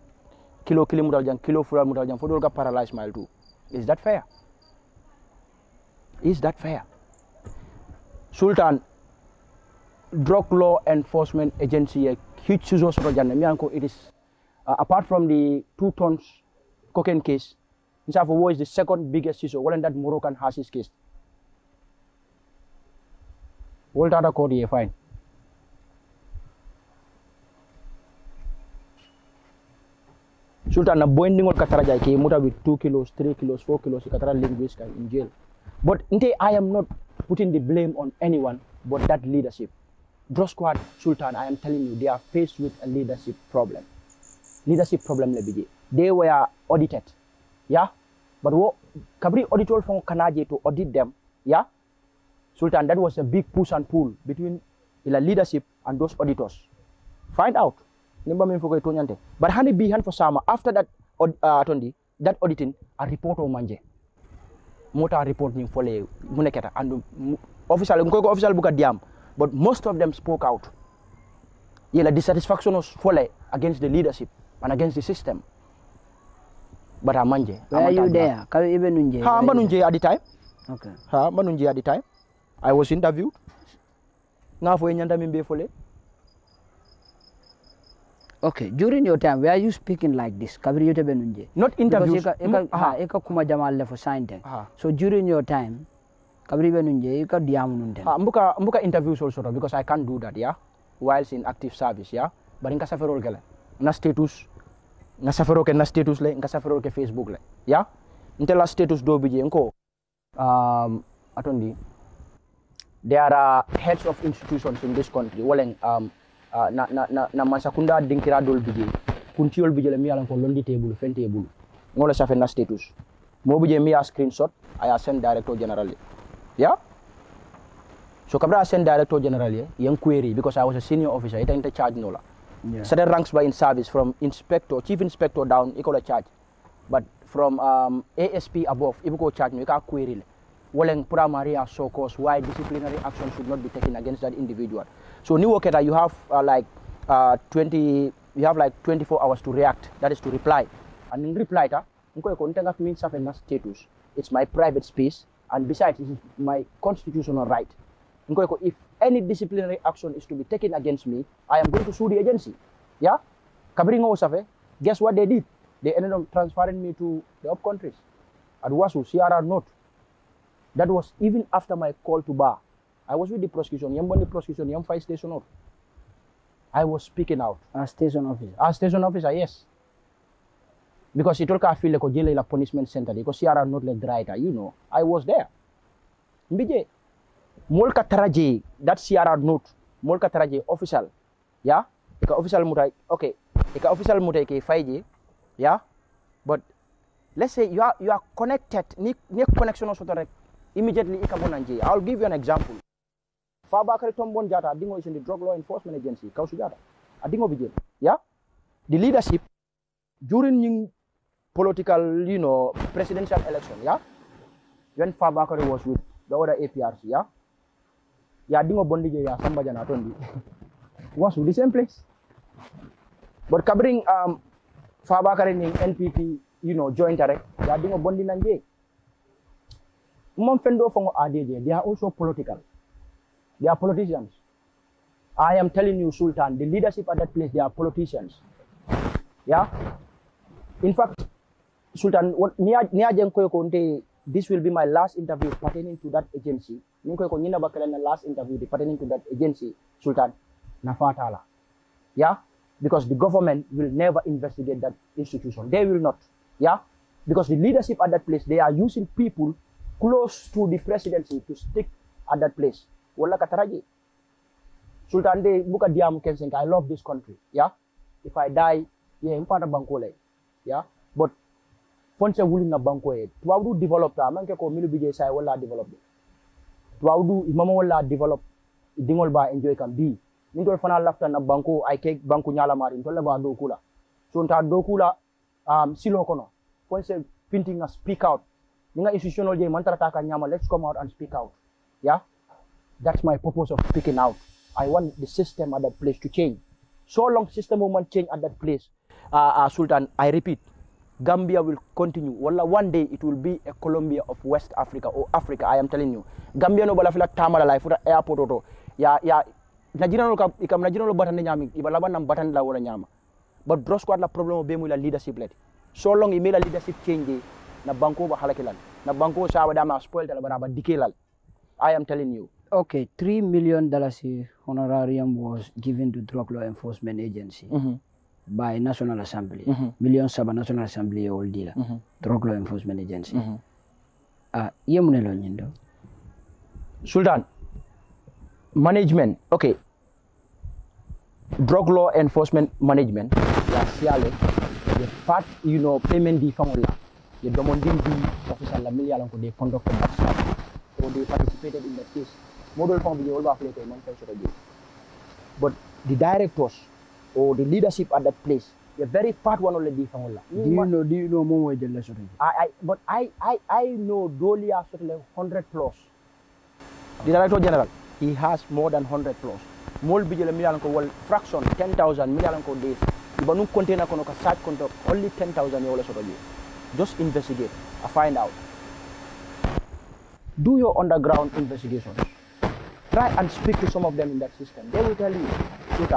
kilo kilo mutal jang kilo fulal mutal jang fodol ga paralyze mile too is that fair is that fair sultan drug law enforcement agency a huge scissors for Janamianko. It is uh, apart from the two tons cocaine case, Nsafu War is the second biggest issue. well, that Moroccan has his case. World that accord here, fine. Sultan a binding or katara jai ke muta with two kilos, three kilos, four kilos, katara linguist in jail. But inte I am not putting the blame on anyone but that leadership. Drug squad, Sultan, I am telling you, they are faced with a leadership problem. Leadership problem, Lebiji. They were audited ya but wo kabri auditol fon kanaje to audit them yeah sultan that was a big push and pull between ila leadership and those auditors find out nimba min fokoy toñante but hani bi han fo sama after that uh, tondi that auditing a report o manje mota report ni fole muneketa and mm, official ngoy ko official buka diam but most of them spoke out yela dissatisfaction was fole against the leadership and against the system but I'm Manje. Were you there? Can you even Nunje? Ha, I'm Nunje at the time. Okay. Ha, I'm Nunje at the time. I was interviewed. Now for Nyanda Mimbe Fole. Okay, during your time, were you speaking like this? Kabiri yote benunje. Not interviews. Because eka, eka, mm, ha, eka kuma jamaa lefo sign So during your time, kabiri benunje, eka diamu nunde. Ha, mbuka, mbuka interviews also, because I can't do that, yeah? Whilst in active service, yeah? But in kasafero gele. Na status, nga safaro ke na status le nga safaro ke facebook le ya la status do bije ko um atondi there are heads of institutions in this country walen um uh, na na na, na masakunda dinkira dol bije kuntiol bije le ala ko londi table fen table ngola safe na status mo bije a screenshot aya send director general ya so kabra send director general ye yen query because i was a senior officer ita inta charge nola Yeah. Certain ranks were in service from inspector, chief inspector down, equal charge. But from um, ASP above, equal charge, you can query. Walling primary and so cause why disciplinary action should not be taken against that individual. So New Oketa, you have uh, like uh, 20, you have like 24 hours to react, that is to reply. And in reply, status. it's my private space, and besides, it is my constitutional right. If any disciplinary action is to be taken against me, I am going to sue the agency. Yeah? Kabringo Osafe, guess what they did? They ended up transferring me to the up countries. At Wasu, Sierra North. That was even after my call to bar. I was with the prosecution, the prosecution, Yam Fire Station North. I was speaking out. A station officer? A station officer, yes. Because it took I feel like a punishment center, because Sierra North like dry. you know. I was there. mol ka taraje dat siara note mol ka taraje official ya ika official mutai okay ika official mutai ke faije ya but let's say you are you are connected ni ni connection also direct immediately ika bonanje i'll give you an example fabakari tombon jata adingo is the drug law enforcement agency kausu jata adingo bijel ya the leadership during ning political you know presidential election yeah when fabakari was with the other aprc yeah ya dingo bondi je ya samba jana tondi wasu the same place but kabring um fabakare ni npp you know joint are ya dingo bondi nanje mom fendo fongo adeje they are also political they are politicians i am telling you sultan the leadership at that place they are politicians yeah in fact sultan niaje nkoyo ko nte this will be my last interview pertaining to that agency ni ko ñina bakale na last interview pertaining to that agency sultan nafatala yeah because the government will never investigate that institution they will not yeah because the leadership at that place they are using people close to the presidency to stick at that place wala kataraji sultan de buka diam kensen i love this country yeah if i die yeah impata bankole yeah but fonse wuli na banko e tuwawdu develop ta manke ko milu bije sai wala develop tuwawdu imama wala develop dingol ba enjoy kam bi min fana lafta na banko ay ke banko nyala mari dol ba do kula so ta do kula um silo kono fonse pinting a speak out ninga institutional je mantra ta ka nyama let's come out and speak out yeah that's my purpose of speaking out i want the system at that place to change so long system woman change at that place uh, uh, sultan i repeat Gambia will continue. Walla one day it will be a Colombia of West Africa or oh, Africa. I am telling you. Gambia no bala fila la life futa airport oto. Ya ya Najina no ikam Najina no batan nyami laban nam batan la wala nyama. But bro squad la problem be mu la leadership let. So long i mela leadership change na banko ba halakilan. Na banko sa wada ma spoil la baraba dikelal. I am telling you. Okay, three million dollars honorarium was given to drug law enforcement agency. Mm -hmm by National Assembly, mm -hmm. million saba National Assembly ye wolu drug law enforcement agency. Mm -hmm. uh, ah, ye iya mu ne Sultan, management, okay. Drug law enforcement management, la ya siale, the ya fat you know, payment di fangol la, ye ya domondin di officer la million ko de conduct of that or they participated in the case. Model form video all affiliated, man, but the directors or oh, the leadership at that place the very part one already from Allah. Do you know? Do you know more I, I, but I, I, I know Dolly has hundred plus. The director general, he has more than hundred plus. More bijele million ko fraction ten thousand million ko this. Iba nung container kono ka site kono only ten thousand yola Just investigate, I find out. Do your underground investigation. Try and speak to some of them in that system. They will tell you, you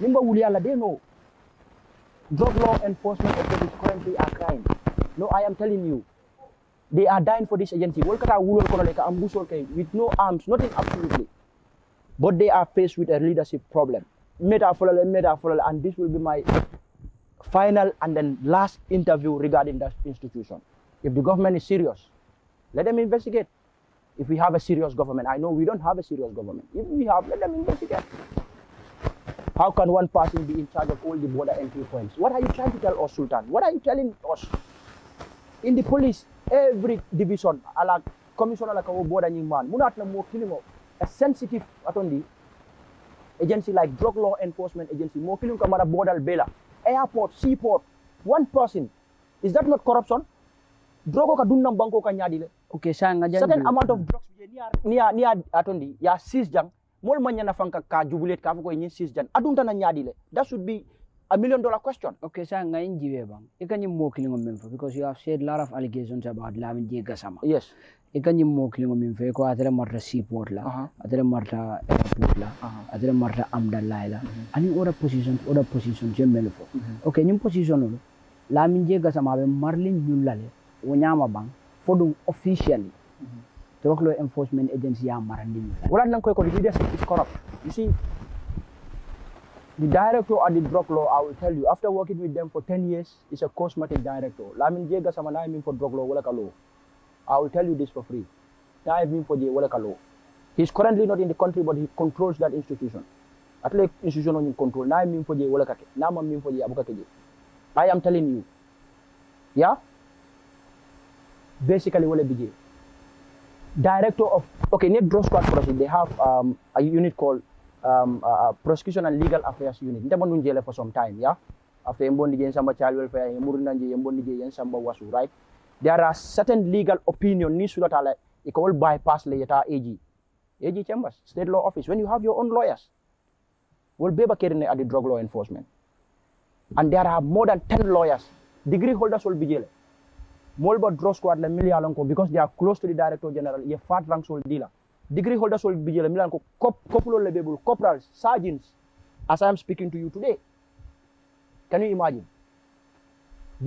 Limba Wuliala, they know. Drug law enforcement authorities currently are crying. No, I am telling you. They are dying for this agency. With no arms, nothing absolutely. But they are faced with a leadership problem. And this will be my final and then last interview regarding that institution. If the government is serious, let them investigate. If we have a serious government, I know we don't have a serious government. If we have, let them investigate. How can one person be in charge of all the border entry points? What are you trying to tell us, Sultan? What are you telling us? In the police, every division, ala commissioner like our border man, munat na mo killing a sensitive atondi agency like drug law enforcement agency, mo killing kamara border bela, airport, seaport, one person. Is that not corruption? Drogo ka dunnam banko ka nyadile. Okay, sanga Certain amount of drugs niya niya niya atondi ya seized jang mol ma nyana fanka ka jubulet ka ko ñi sis jan adunta na nyaadi le that should be a million dollar question okay sa nga injiwe bang ikanyi mo kilingo memfo because you have said lot of allegations about lamin je gasama yes ikanyi mo kilingo memfo ko atele marta seaport la uh marta airport la uh marta amdalai la mm -hmm. ani ora position ora position je melfo mm okay nyim position lo lamin je gasama be marlin nyulale o nyama bang fodum officially Drug law enforcement agency are maranding. What I'm going the leadership is corrupt. You see, the director of the drug law, I will tell you, after working with them for 10 years, is a cosmetic director. Lamin Jega Samanaim for drug law, wala law. I will tell you this for free. i in for the wala law. He's currently not in the country, but he controls that institution. At least institution on control. Now I mean for the Walaka, now I mean for the Abukake. I am telling you. Yeah? Basically, Walabije director of okay net gross squad they have um, a unit called um, uh, prosecution and legal affairs unit nta bandu jele for some time yeah after embondi jen samba child welfare emurunda jen samba wasu right there are certain legal opinion ni sulata la equal bypass le AG AG chambers state law office when you have your own lawyers will be bakering at the drug law enforcement and there are more than 10 lawyers degree holders will be jailed molɓa draw squad la milliard lanko because they are close to the director general ye fat rank sol dila degree holders will be jela milan ko cop copulol le bebul corporals sergeants as i am speaking to you today can you imagine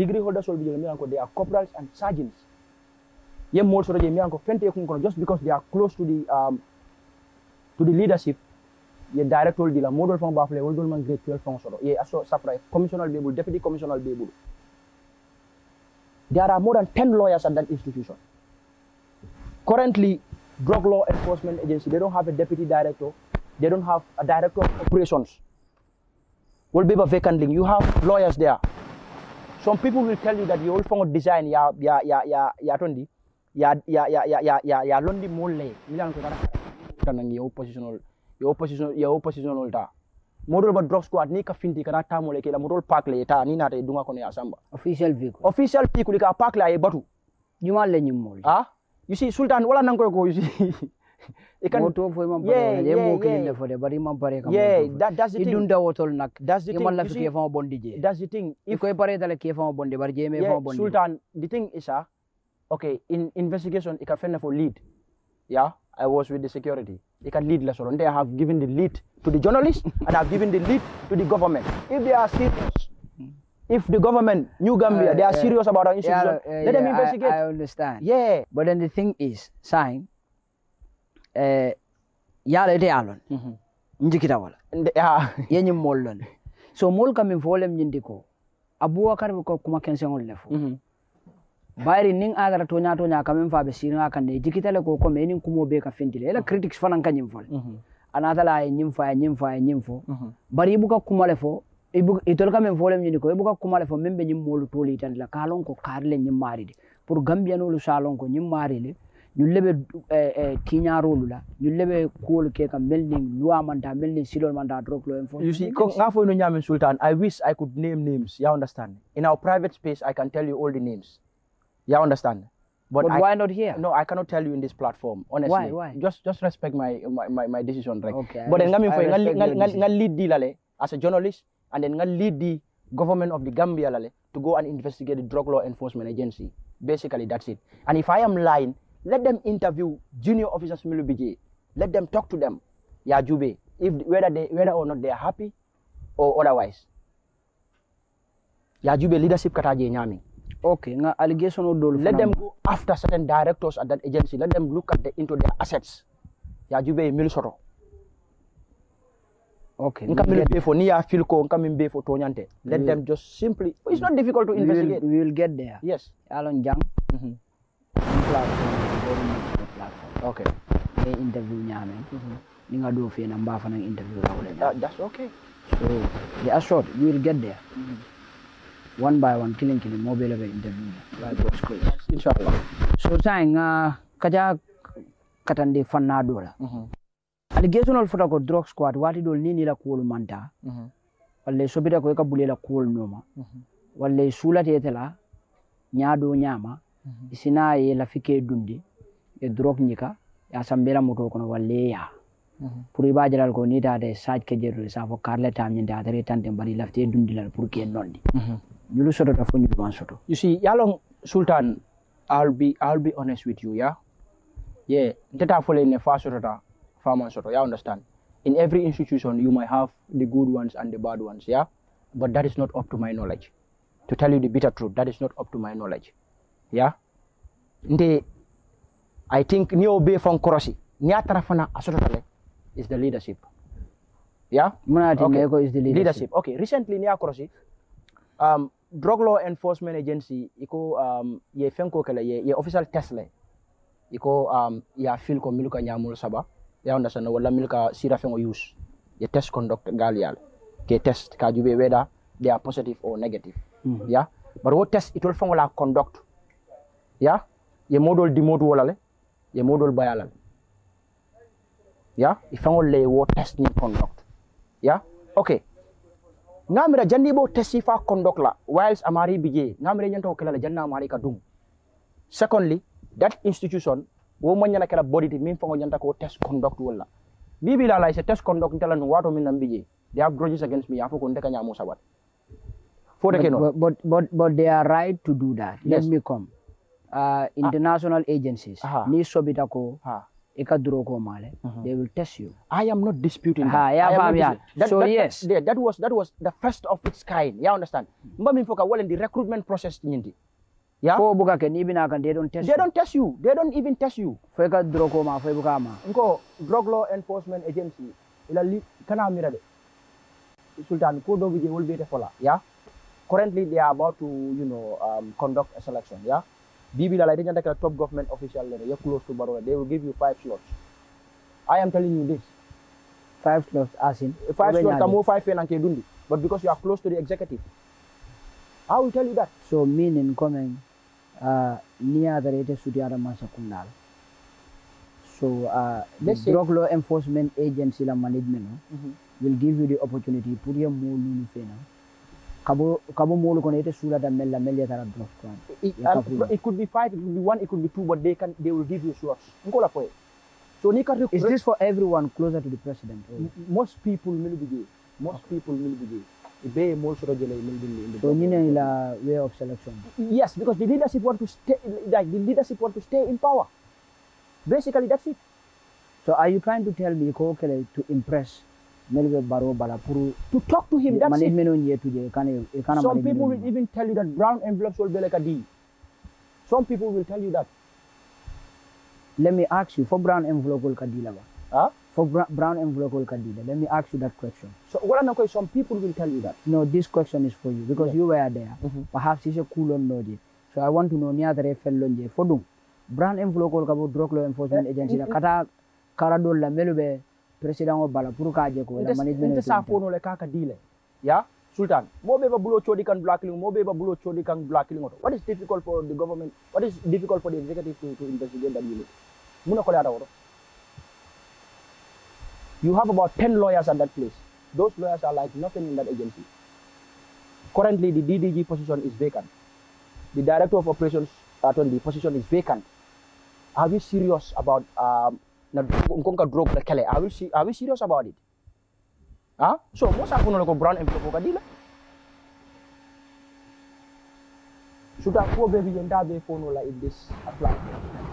degree holders will be jela milan ko they are corporals ko fente kun kono just because they are close to the um, to the leadership ye direct hol dila modol fon bafle wol dol man grade 12 fon soro ye asso safra deputy commissioner bebul There are more than 10 lawyers at that institution. Currently, Drug Law Enforcement Agency, they don't have a deputy director. They don't have a director of operations. Will be a vacant link. You have lawyers there. Some people will tell you that you will find design ya ya ya ya ya tondi ya ya ya ya ya ya ya londi mole. Milan ko dara. Tanang your oppositional your oppositional your oppositional da. modol ba drop squad ni ka finti kana tamo le kila modol park le ta ni na ta dunga kono ya samba official vehicle official vehicle ka park la e batu nyuma le nyimol ah you see sultan wala nan ko you see ikan moto fo imam pare ye mo kilinde fo de bari imam pare kam yeah that that's the thing idunda wotol nak that's the thing imam la fi kefa bondi je that's the thing if ko pare dale kefa bondi bari je me fa bondi sultan the thing is ah, okay in investigation it can fend for lead yeah i was with the security they can lead Lesotho. And they have given the lead to the journalists and have given the lead to the government. If they are serious, hmm. if the government, New Gambia, uh, they are uh, serious about our institution, yeah, uh, let them investigate. I, I, understand. Yeah. But then the thing is, sign, uh, yale de alon, mm-hmm. njikita wala. Ah. Yenye molon. So mol kami volem nyindiko, abuwa karibu kwa kumakensi ngol lefu. Mm -hmm bayri a nin agara toña ka kamen fa be sirina kande jikitale ko kome enin kumo be ka fentile ila mhm. critics fanan ka ñim fole mhm. anatala ye ñim fa ye ñim fa ye ñim fo bari buka kuma le fo itol kamen folem ñini ko kuma le fo min be ñim molu toli la ka lon ko le karile ñim de pour gambiyanolu sa lon ko ñim le ñun lebe tiñarolu la ñun lebe kuwolu ke ka mel nin luwa manta mel nin silol manta drog lo en fo you see ko nga fo no ñamin sultan i wish i could name names you understand in our private space i can tell you all the names Yeah, I understand. But, but I, why not here? No, I cannot tell you in this platform, honestly. Why? Why? Just just respect my my, my, my decision, right? Okay. But then coming for you, lead the as a journalist, and then lead the government of the Gambia lale to go and investigate the drug law enforcement agency. Basically, that's it. And if I am lying, let them interview junior officers BJ. Let them talk to them, yeah, Jube, if whether they whether or not they are happy or otherwise. Yeah, Jube leadership kataje nyami. Okay, nga allegation of dole. Let them go after certain directors at that agency. Let them look at the, into their assets. Ya jube soro. Okay. Nka mil befo ni ya filko nka min befo to nyante. Let them just simply it's not difficult to investigate. We will, we will get there. Yes. Alan jang. Mhm. Platform. Okay. They interview men. Mhm. nga do fe na fa na interview la wala. That's okay. So, they are short. We will get there. Mm -hmm. one by one killing killing mobile be interview by God's grace inshallah so saying uh, kaja katande fanna dola mm -hmm. allegation ol fota drug squad wati dol nini la kuol manta mm -hmm. so sobita ko e kabulela kuol noma mm -hmm. walle sula tetela nyaado nyama mm-hmm. isina ye fike dundi e drug nyika ya sambera moto kono walle ya mm-hmm. pour i jalal ko ni taate saaj ke jeru sa fo karle tam nyinde atere tante bari lafte dundi la pour ke nondi mm-hmm. Julu soto da fo julu soto. You see, yalong Sultan, I'll be I'll be honest with you, yeah? Yeah, nteta fole ne fa soto da fa man soto. You understand? In every institution you might have the good ones and the bad ones, yeah? But that is not up to my knowledge. To tell you the bitter truth, that is not up to my knowledge. Yeah? Nde I think Neo Bay from Korosi, Niatarafana Asotale is the leadership. Yeah? Munadi okay. is the leadership. leadership. Okay, recently Nia Korosi, um, drug law enforcement agency iko um, ye fenko kala ye, ye official test le iko um, ya fil ko milka nyamul saba ya onda sana wala milka sira fengo use ye test conduct gal yal ke test ka jube weda they are positive or negative mm -hmm. yeah but what test itol fengo la conduct yeah ye modol di wala le ye modol bayala le yeah ifengo le wo test ni conduct yeah okay ngamira jandi bo tesifa la whilst amari bije ngamira nyanto kelala janna amari ka dum secondly that institution wo mo nyana kala body min fango nyanta ko test conduct wala bibi la lay se test conduct tala no wato min nambije they have grudges against me afo ko ndeka nyamo sabat for the but, but but but they are right to do that yes. let me come uh, ah. international ah. agencies uh sobi ni sobita ko ha ika duroko male they will test you i am not disputing that. Ah, ya yeah. ya that, so that, yes that, that was that was the first of its kind you understand mba min foka wala the recruitment process nyindi Yeah? For buka ken ibina kan they don't test. They you. don't test you. They don't even test you. Fo ka droko ma fo buka ma. Nko drug law enforcement agency ila li kana mira de. Sultan ko do bije wol bete fola. Yeah. Currently they are about to you know um, conduct a selection. Yeah. BBLAL, la think like a top government official level, you're close to Baroda. They will give you five slots. I am telling you this. Five slots, as Five slots, more five and Dundi. because you are close to the executive, I will tell you that. So, meaning coming uh, near the rate to the other So, uh, the drug law enforcement agency and management mm-hmm. will give you the opportunity to put your more fena. Kabo Molo Konete Sura than Mella Melia Taradroskan. Um, it could be five, it could be one, it could be two, but they can they will give you shots. Ngola for So Nika Is this for everyone closer to the president? Most people will be Most okay. people will be gay. They most regular in the So Nina la way of selection. Yes, because the leadership want to stay like the leadership want to stay in power. Basically that's it. So are you trying to tell me to impress melu baro bala pour to talk to him yeah, that's it meno nyetuje kana kana some people will even tell you that brown envelopes will be like a d some people will tell you that let me ask you for brown envelope will kadila ba huh? for bra brown envelope will kadila let me ask you that question so what well, some people will tell you that no this question is for you because yeah. you were there mm -hmm. perhaps it's a cool on logic so i want to know near the fel lonje fodum brown envelope will kabo drug law enforcement eh, agency mm, mm. kata kara dol la melu be président o bala pour ka je ko la management inte sa fono le kaka dile ya sultan mo be ba bulo chodi kan black mo be bulo chodi kan black to what is difficult for the government what is difficult for the executive to, to investigate that unit muna ko le you have about 10 lawyers at that place those lawyers are like nothing in that agency currently the ddg position is vacant the director of operations attorney uh, position is vacant are we serious about um, na nkonka drogue kele are we, are we serious about it Ah, so mo sa kuno ko brown envelope ka dila suta ko be bi be la in this apply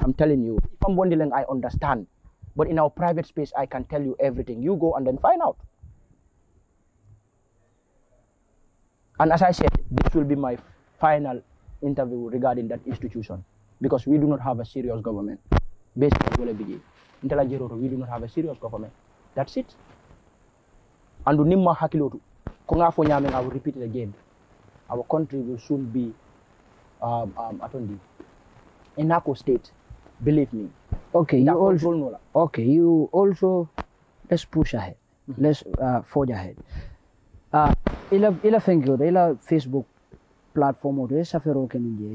i'm telling you if i'm wondering i understand but in our private space i can tell you everything you go and then find out and as i said this will be my final interview regarding that institution because we do not have a serious government based on Wole jeroto we do not have a serious government that's it andu nimma hakilotu ko nga fo nyame nga repeat it again our country will soon be um, um, atondi a state believe me okay you also, okay you also let's push ahead mm -hmm. let's uh, forge ahead uh, ila ila you ila facebook platform oto e safero kemin je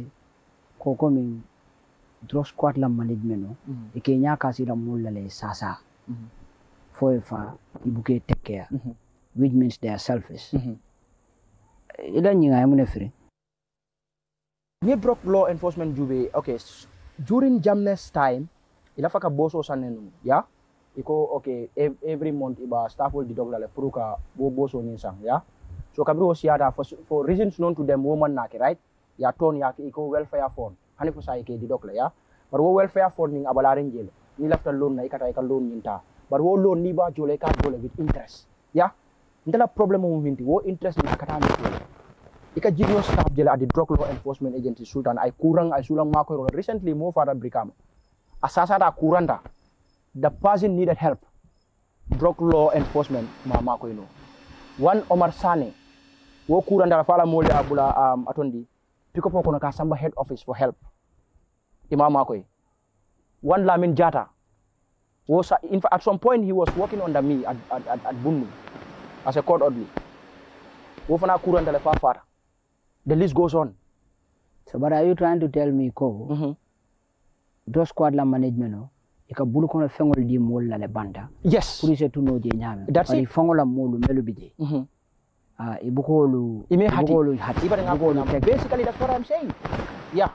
koko min duro squad la management mm-hmm. e ike nya kasira mulla le sasa mm-hmm. foi fa ibuke take care ya. mm-hmm. which means they are selfish ila e nyinga yamune free ni brok law enforcement jube okay during jamness time ila faka boso sanenu ya iko okay e, every month iba staff will didog le proka bo boso ni sang ya so kabri wo siada for, for reasons known to them woman nake right ya ton ya iko welfare ya fund hanifu sai ke di dokle ya bar wo welfare funding ning abalaren jele ni lafta loan na ikata ikal loan ninta bar wo loan ni ba jole ka jole with interest ya ndala problem mo minti wo interest ni kata ni ika jidio staff jela di drug law enforcement agency sultan ai kurang ai sulang makoy ro recently mo fara brikam asasa da kuranda the person needed help drug law enforcement ma mako no one omar sane wo kuranda fala le abula um, atondi pick up kono ka samba head office for help Imam Akoi. One Lamin Jata was, uh, in fact, at some point he was working under me at, at, at, at Bunmi as a court orderly. Wofana Kuran Telefafara. The list goes on. So, what are you trying to tell me, Ko, mm -hmm. those squad la management, no? ika bulu kono fengol di mol la le banda yes pour se tuno je nyame that's it fengol la molu melu bije mm -hmm. ah ibukolu ime hati ibukolu hati ibare ngakolu basically that's what i'm saying yeah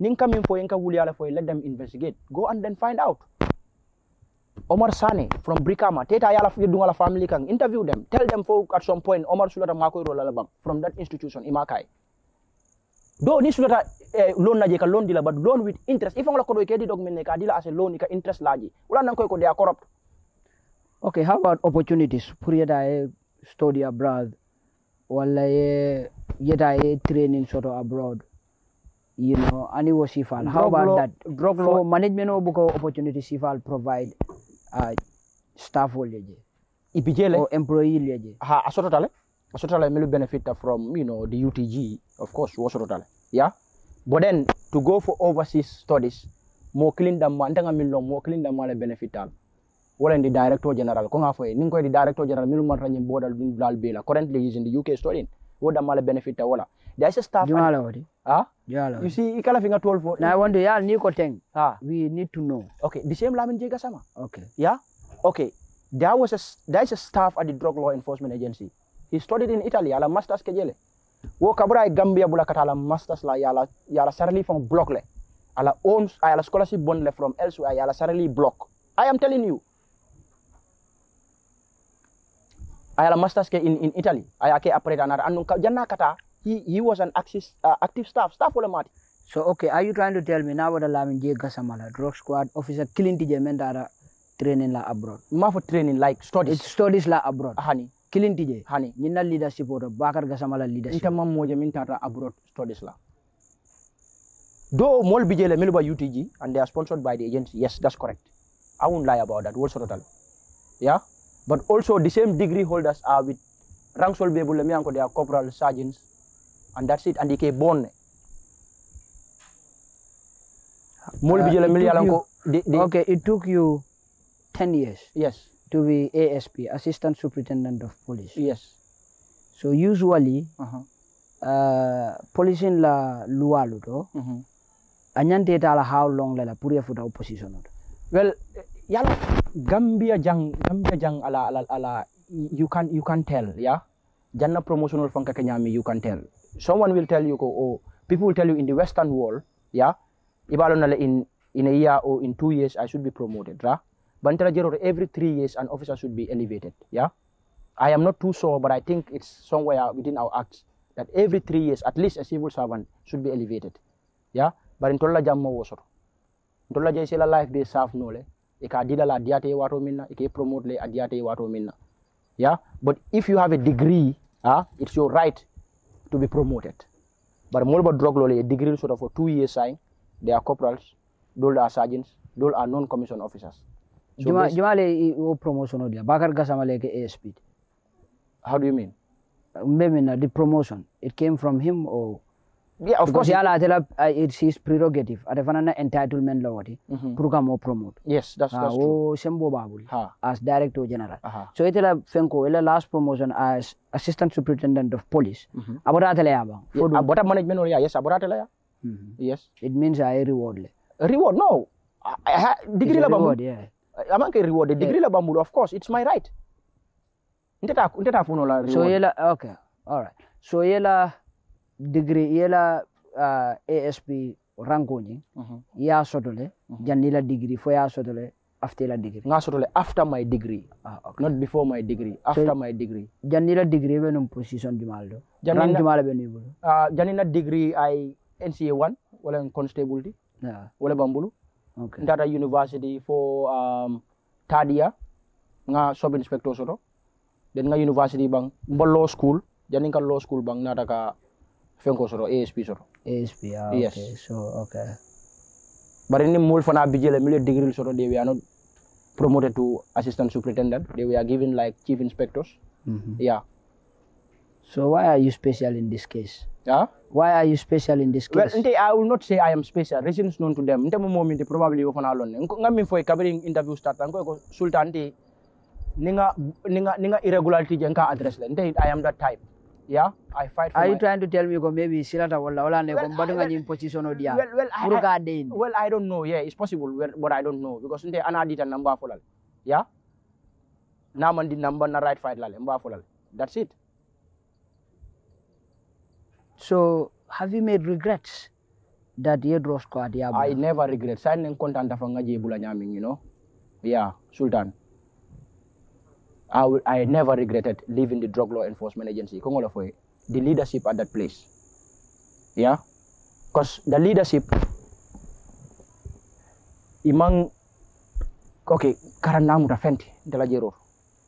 ninka min fo yenka wuliala fo let them investigate go and then find out Omar Sane from Brikama teta yala yedungala family kang interview them tell them for at some point Omar sulata mako rolalabam from that institution imakai do ni sulata eh, loan naje ka loan dila but loan with interest If la ko do kedi dog minne ka dila as a loan ka interest laji Ula nan koy ko they corrupt okay how about opportunities pour yeda e study abroad wala ye yeda e training sort of abroad you know, and it was Sifal. How about law, that? Drug For law. management of Buko opportunity Sifal provide uh, staff or Ipijele? Or employee leje. Ha, asototale? Asototale melu benefit from, you know, the UTG, of course, wasototale. Yeah? But then, to go for overseas studies, more clean than man, tanga milo, more clean than male benefit al. Wala the director general, konga fwe, ninko the director general, milu matranyin boda, lal bela. Currently, he's in the UK studying. Wada male benefit wala. There is a staff. Jumala wadi? Ah? Yeah, you see, ikala finger 12 volt. Now, want to yeah, new thing. Ah. We need to know. Okay, the same Lamin jiga Sama. Okay. Yeah? Okay. There was a there is a staff at the Drug Law Enforcement Agency. He studied in Italy, ala master's kejele. Wo kabura e Gambia bula kata ala master's la yala yala sarili from block le. Ala owns ala scholarship bond le from elsewhere yala sarili block. I am telling you. ala master's ke in, in Italy. ke operate another. Anu janna kata he, he was an active, uh, active staff, staff of mati. So, okay, are you trying to tell me now what allowing Jay Gasamala, drug squad officer, killing TJ Mendara, training la abroad? Ma for training, like studies. It's studies la abroad. Honey. Killing TJ. Honey. Nina leadership or Bakar Gasamala leadership. Nita mamoja mintara abroad studies la. Though Mol BJ Miluba UTG and they are sponsored by the agency, yes, that's correct. I won't lie about that. What's total? Yeah? But also the same degree holders are with ranks will be able to they are corporal sergeants, and that's uh, it andi ke bonne mol bi jela yalla ko okay it took you 10 years yes to be asp assistant superintendent of police yes so usually uh-huh. uh -huh. uh, policing la loi lu do uh mm-hmm. -huh. anyante tala how long la la pour ya futa opposition well eh, yalla gambia jang gambia jang ala ala ala you can you can tell yeah janna promotional fanka kenyami you can tell someone will tell you, "Go, oh, oh, people will tell you in the Western world, yeah, if in in a year or in two years, I should be promoted, right? Bantara Jero, every three years, an officer should be elevated, yeah? I am not too sure, but I think it's somewhere within our acts that every three years, at least a civil servant should be elevated, yeah? But in Tola Jammo Wosor, Tola Jaisela life they serve no le, Eka Dida la Diate Wato Minna, Eke promote le Adiate Wato Minna, yeah? But if you have a degree, uh, it's your right to be promoted. But Mulba law. a degree sort of for two years, sign, they are corporals, those are sergeants, those are non commissioned officers. So Jumale o promotion odia. Bakar Gasamale ke ASP. How do you mean? Maybe the promotion. It came from him or yeah, of because course. Yala atela uh, it's his prerogative. Atefana na entitlement law wati. Mm Program or promote. Yes, that's that's uh, true. Sembo Babul ha. as director general. Uh -huh. So itela fenko ila last promotion as assistant superintendent of police. Mm -hmm. Abora atela yaba. Yeah, abora management or yes, abora atela ya. Mm -hmm. Yes. It means I reward le. Reward no. I, I, degree la reward, yeah. Am I amanke reward degree yeah. la of course it's my right. Nteta nteta funo So yela okay. All right. So yela degré i ye la uh, asp ranko ñi mm -hmm. i a uh-huh. sotole mm -hmm. Uh-huh. janni la degré fo ye a sotole after la degré nga sotole after my degree ah, okay. not before my degree after so, my degree janni la degré be num position jumal do ran jumal be nuy bulu uh, ah, janni na degree ay nca 1 wala constable di yeah. wala bambulu okay. ndata university fo um, third nga sub inspector soto den nga university bang mbo law school janni ka law school bang nata fenko soro asp soro asp ah, yes. okay so okay but in mul fana bijele mille degree soro they were not promoted to assistant superintendent they were given like chief inspectors mm -hmm. yeah so why are you special in this case yeah why are you special in this case well i will not say i am special reasons known to them ntemo moment probably wo fana lon ngam for kabiri interview start ngo ko sultan ninga ninga ninga irregularity jenka address le i am that type Yeah, I fight for Are you trying to tell me go maybe Silata wala wala ne kombatunga nyi position odia. Well, well, I, Well, I don't know. Yeah, it's possible, but I don't know because nte anadita number folal. Yeah? Na man di number na right fight lale, mba folal. That's it. So, have you made regrets that you draw squad adia? Ya I never regret. Sign and content of ngaji bula you know. Yeah, Sultan. I, never regretted leaving the drug law enforcement agency, Kongolofoe, the leadership at that place. Yeah? Because the leadership, imang, okay, karanamu ta fendi, delajero.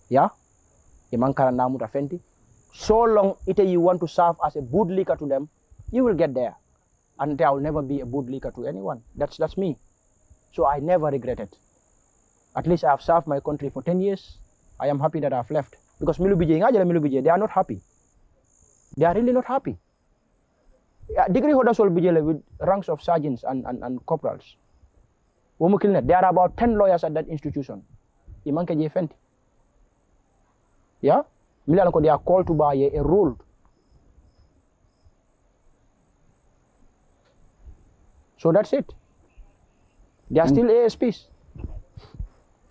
Yeah? Imang karanamu ta So long ite you want to serve as a good leaker to them, you will get there. And I will never be a good leaker to anyone. That's, that's me. So I never regretted. At least I have served my country for 10 years. I am happy that I've left. Because Milu BJ, they are not happy. They are really not happy. Yeah, degree holders will be with ranks of sergeants and, and, and corporals. There are about 10 lawyers at that institution. Yeah? They are called to buy a rule. So that's it. They are hmm. still ASPs.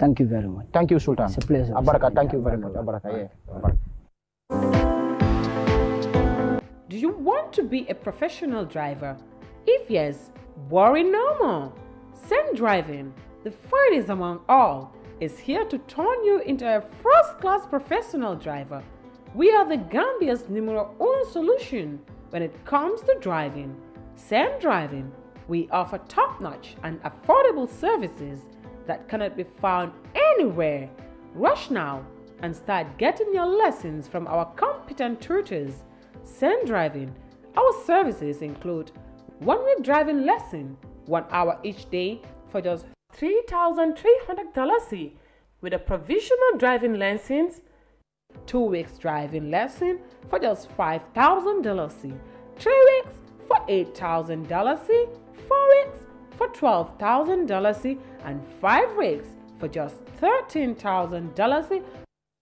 Thank you very much. Thank you, Sultan. It's a pleasure. Abaraka, thank you very much. Abarakat. yeah. Abaraka. Do you want to be a professional driver? If yes, worry no more. Send Driving, the finest among all, is here to turn you into a first-class professional driver. We are the Gambia's numero uno solution when it comes to driving. Send Driving. We offer top-notch and affordable services that cannot be found anywhere. Rush now and start getting your lessons from our competent tutors. Send driving. Our services include one week driving lesson, one hour each day for just $3,300 with a provisional driving license, two weeks driving lesson for just $5,000, three weeks for $8,000, four weeks for $12,000 and five rigs for just $13,000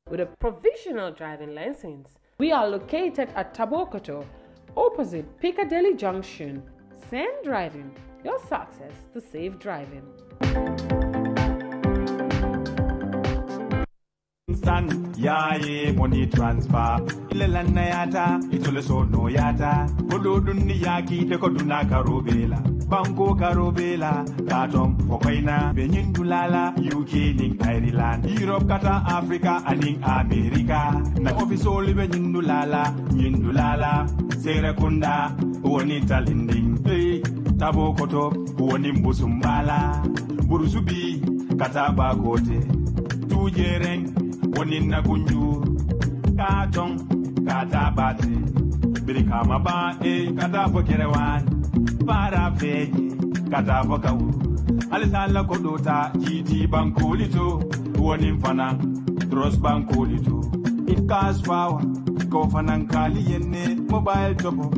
with a provisional driving license. We are located at Tabokoto, opposite Piccadilly Junction. Send driving your success to safe driving. yaye money transfer yata no yata te banko Karobela, bela katom kokoina benin dulala uk ning ireland europe kata africa aning america na ofisoli benin dulala nyin dulala sere kunda woni talinding hey, eh, tabo koto woni mbusumbala burusubi kata bakote tujereng woni nakunju katom kata bati birikama ba e eh, kata fokerewan para feji kata boka u, alisala kodota jiti bankulito wonin fana dros bankulito ikas fawa ko fanan kali yenne mobile topo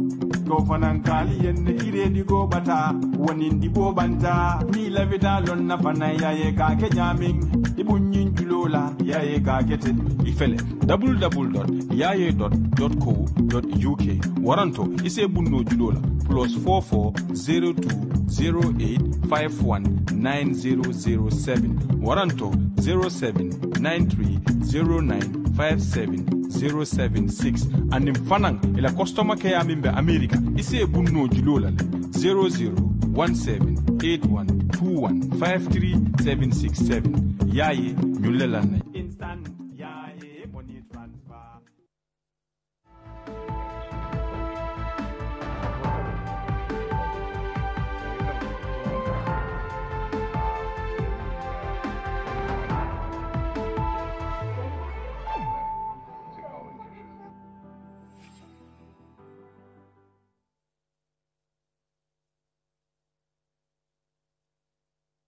ko fanan kali yenne iredi go bata wonin bo banta ni lavida lon na fana yaye kake jamin ibunyin julola yaye gagete ifele www.yaye.co.uk waranto ise bunno julola plus 440208519007 waranto 0793095706 anin fanan ila customer care amin be america ise bunno julola le 001781215377 yayi instant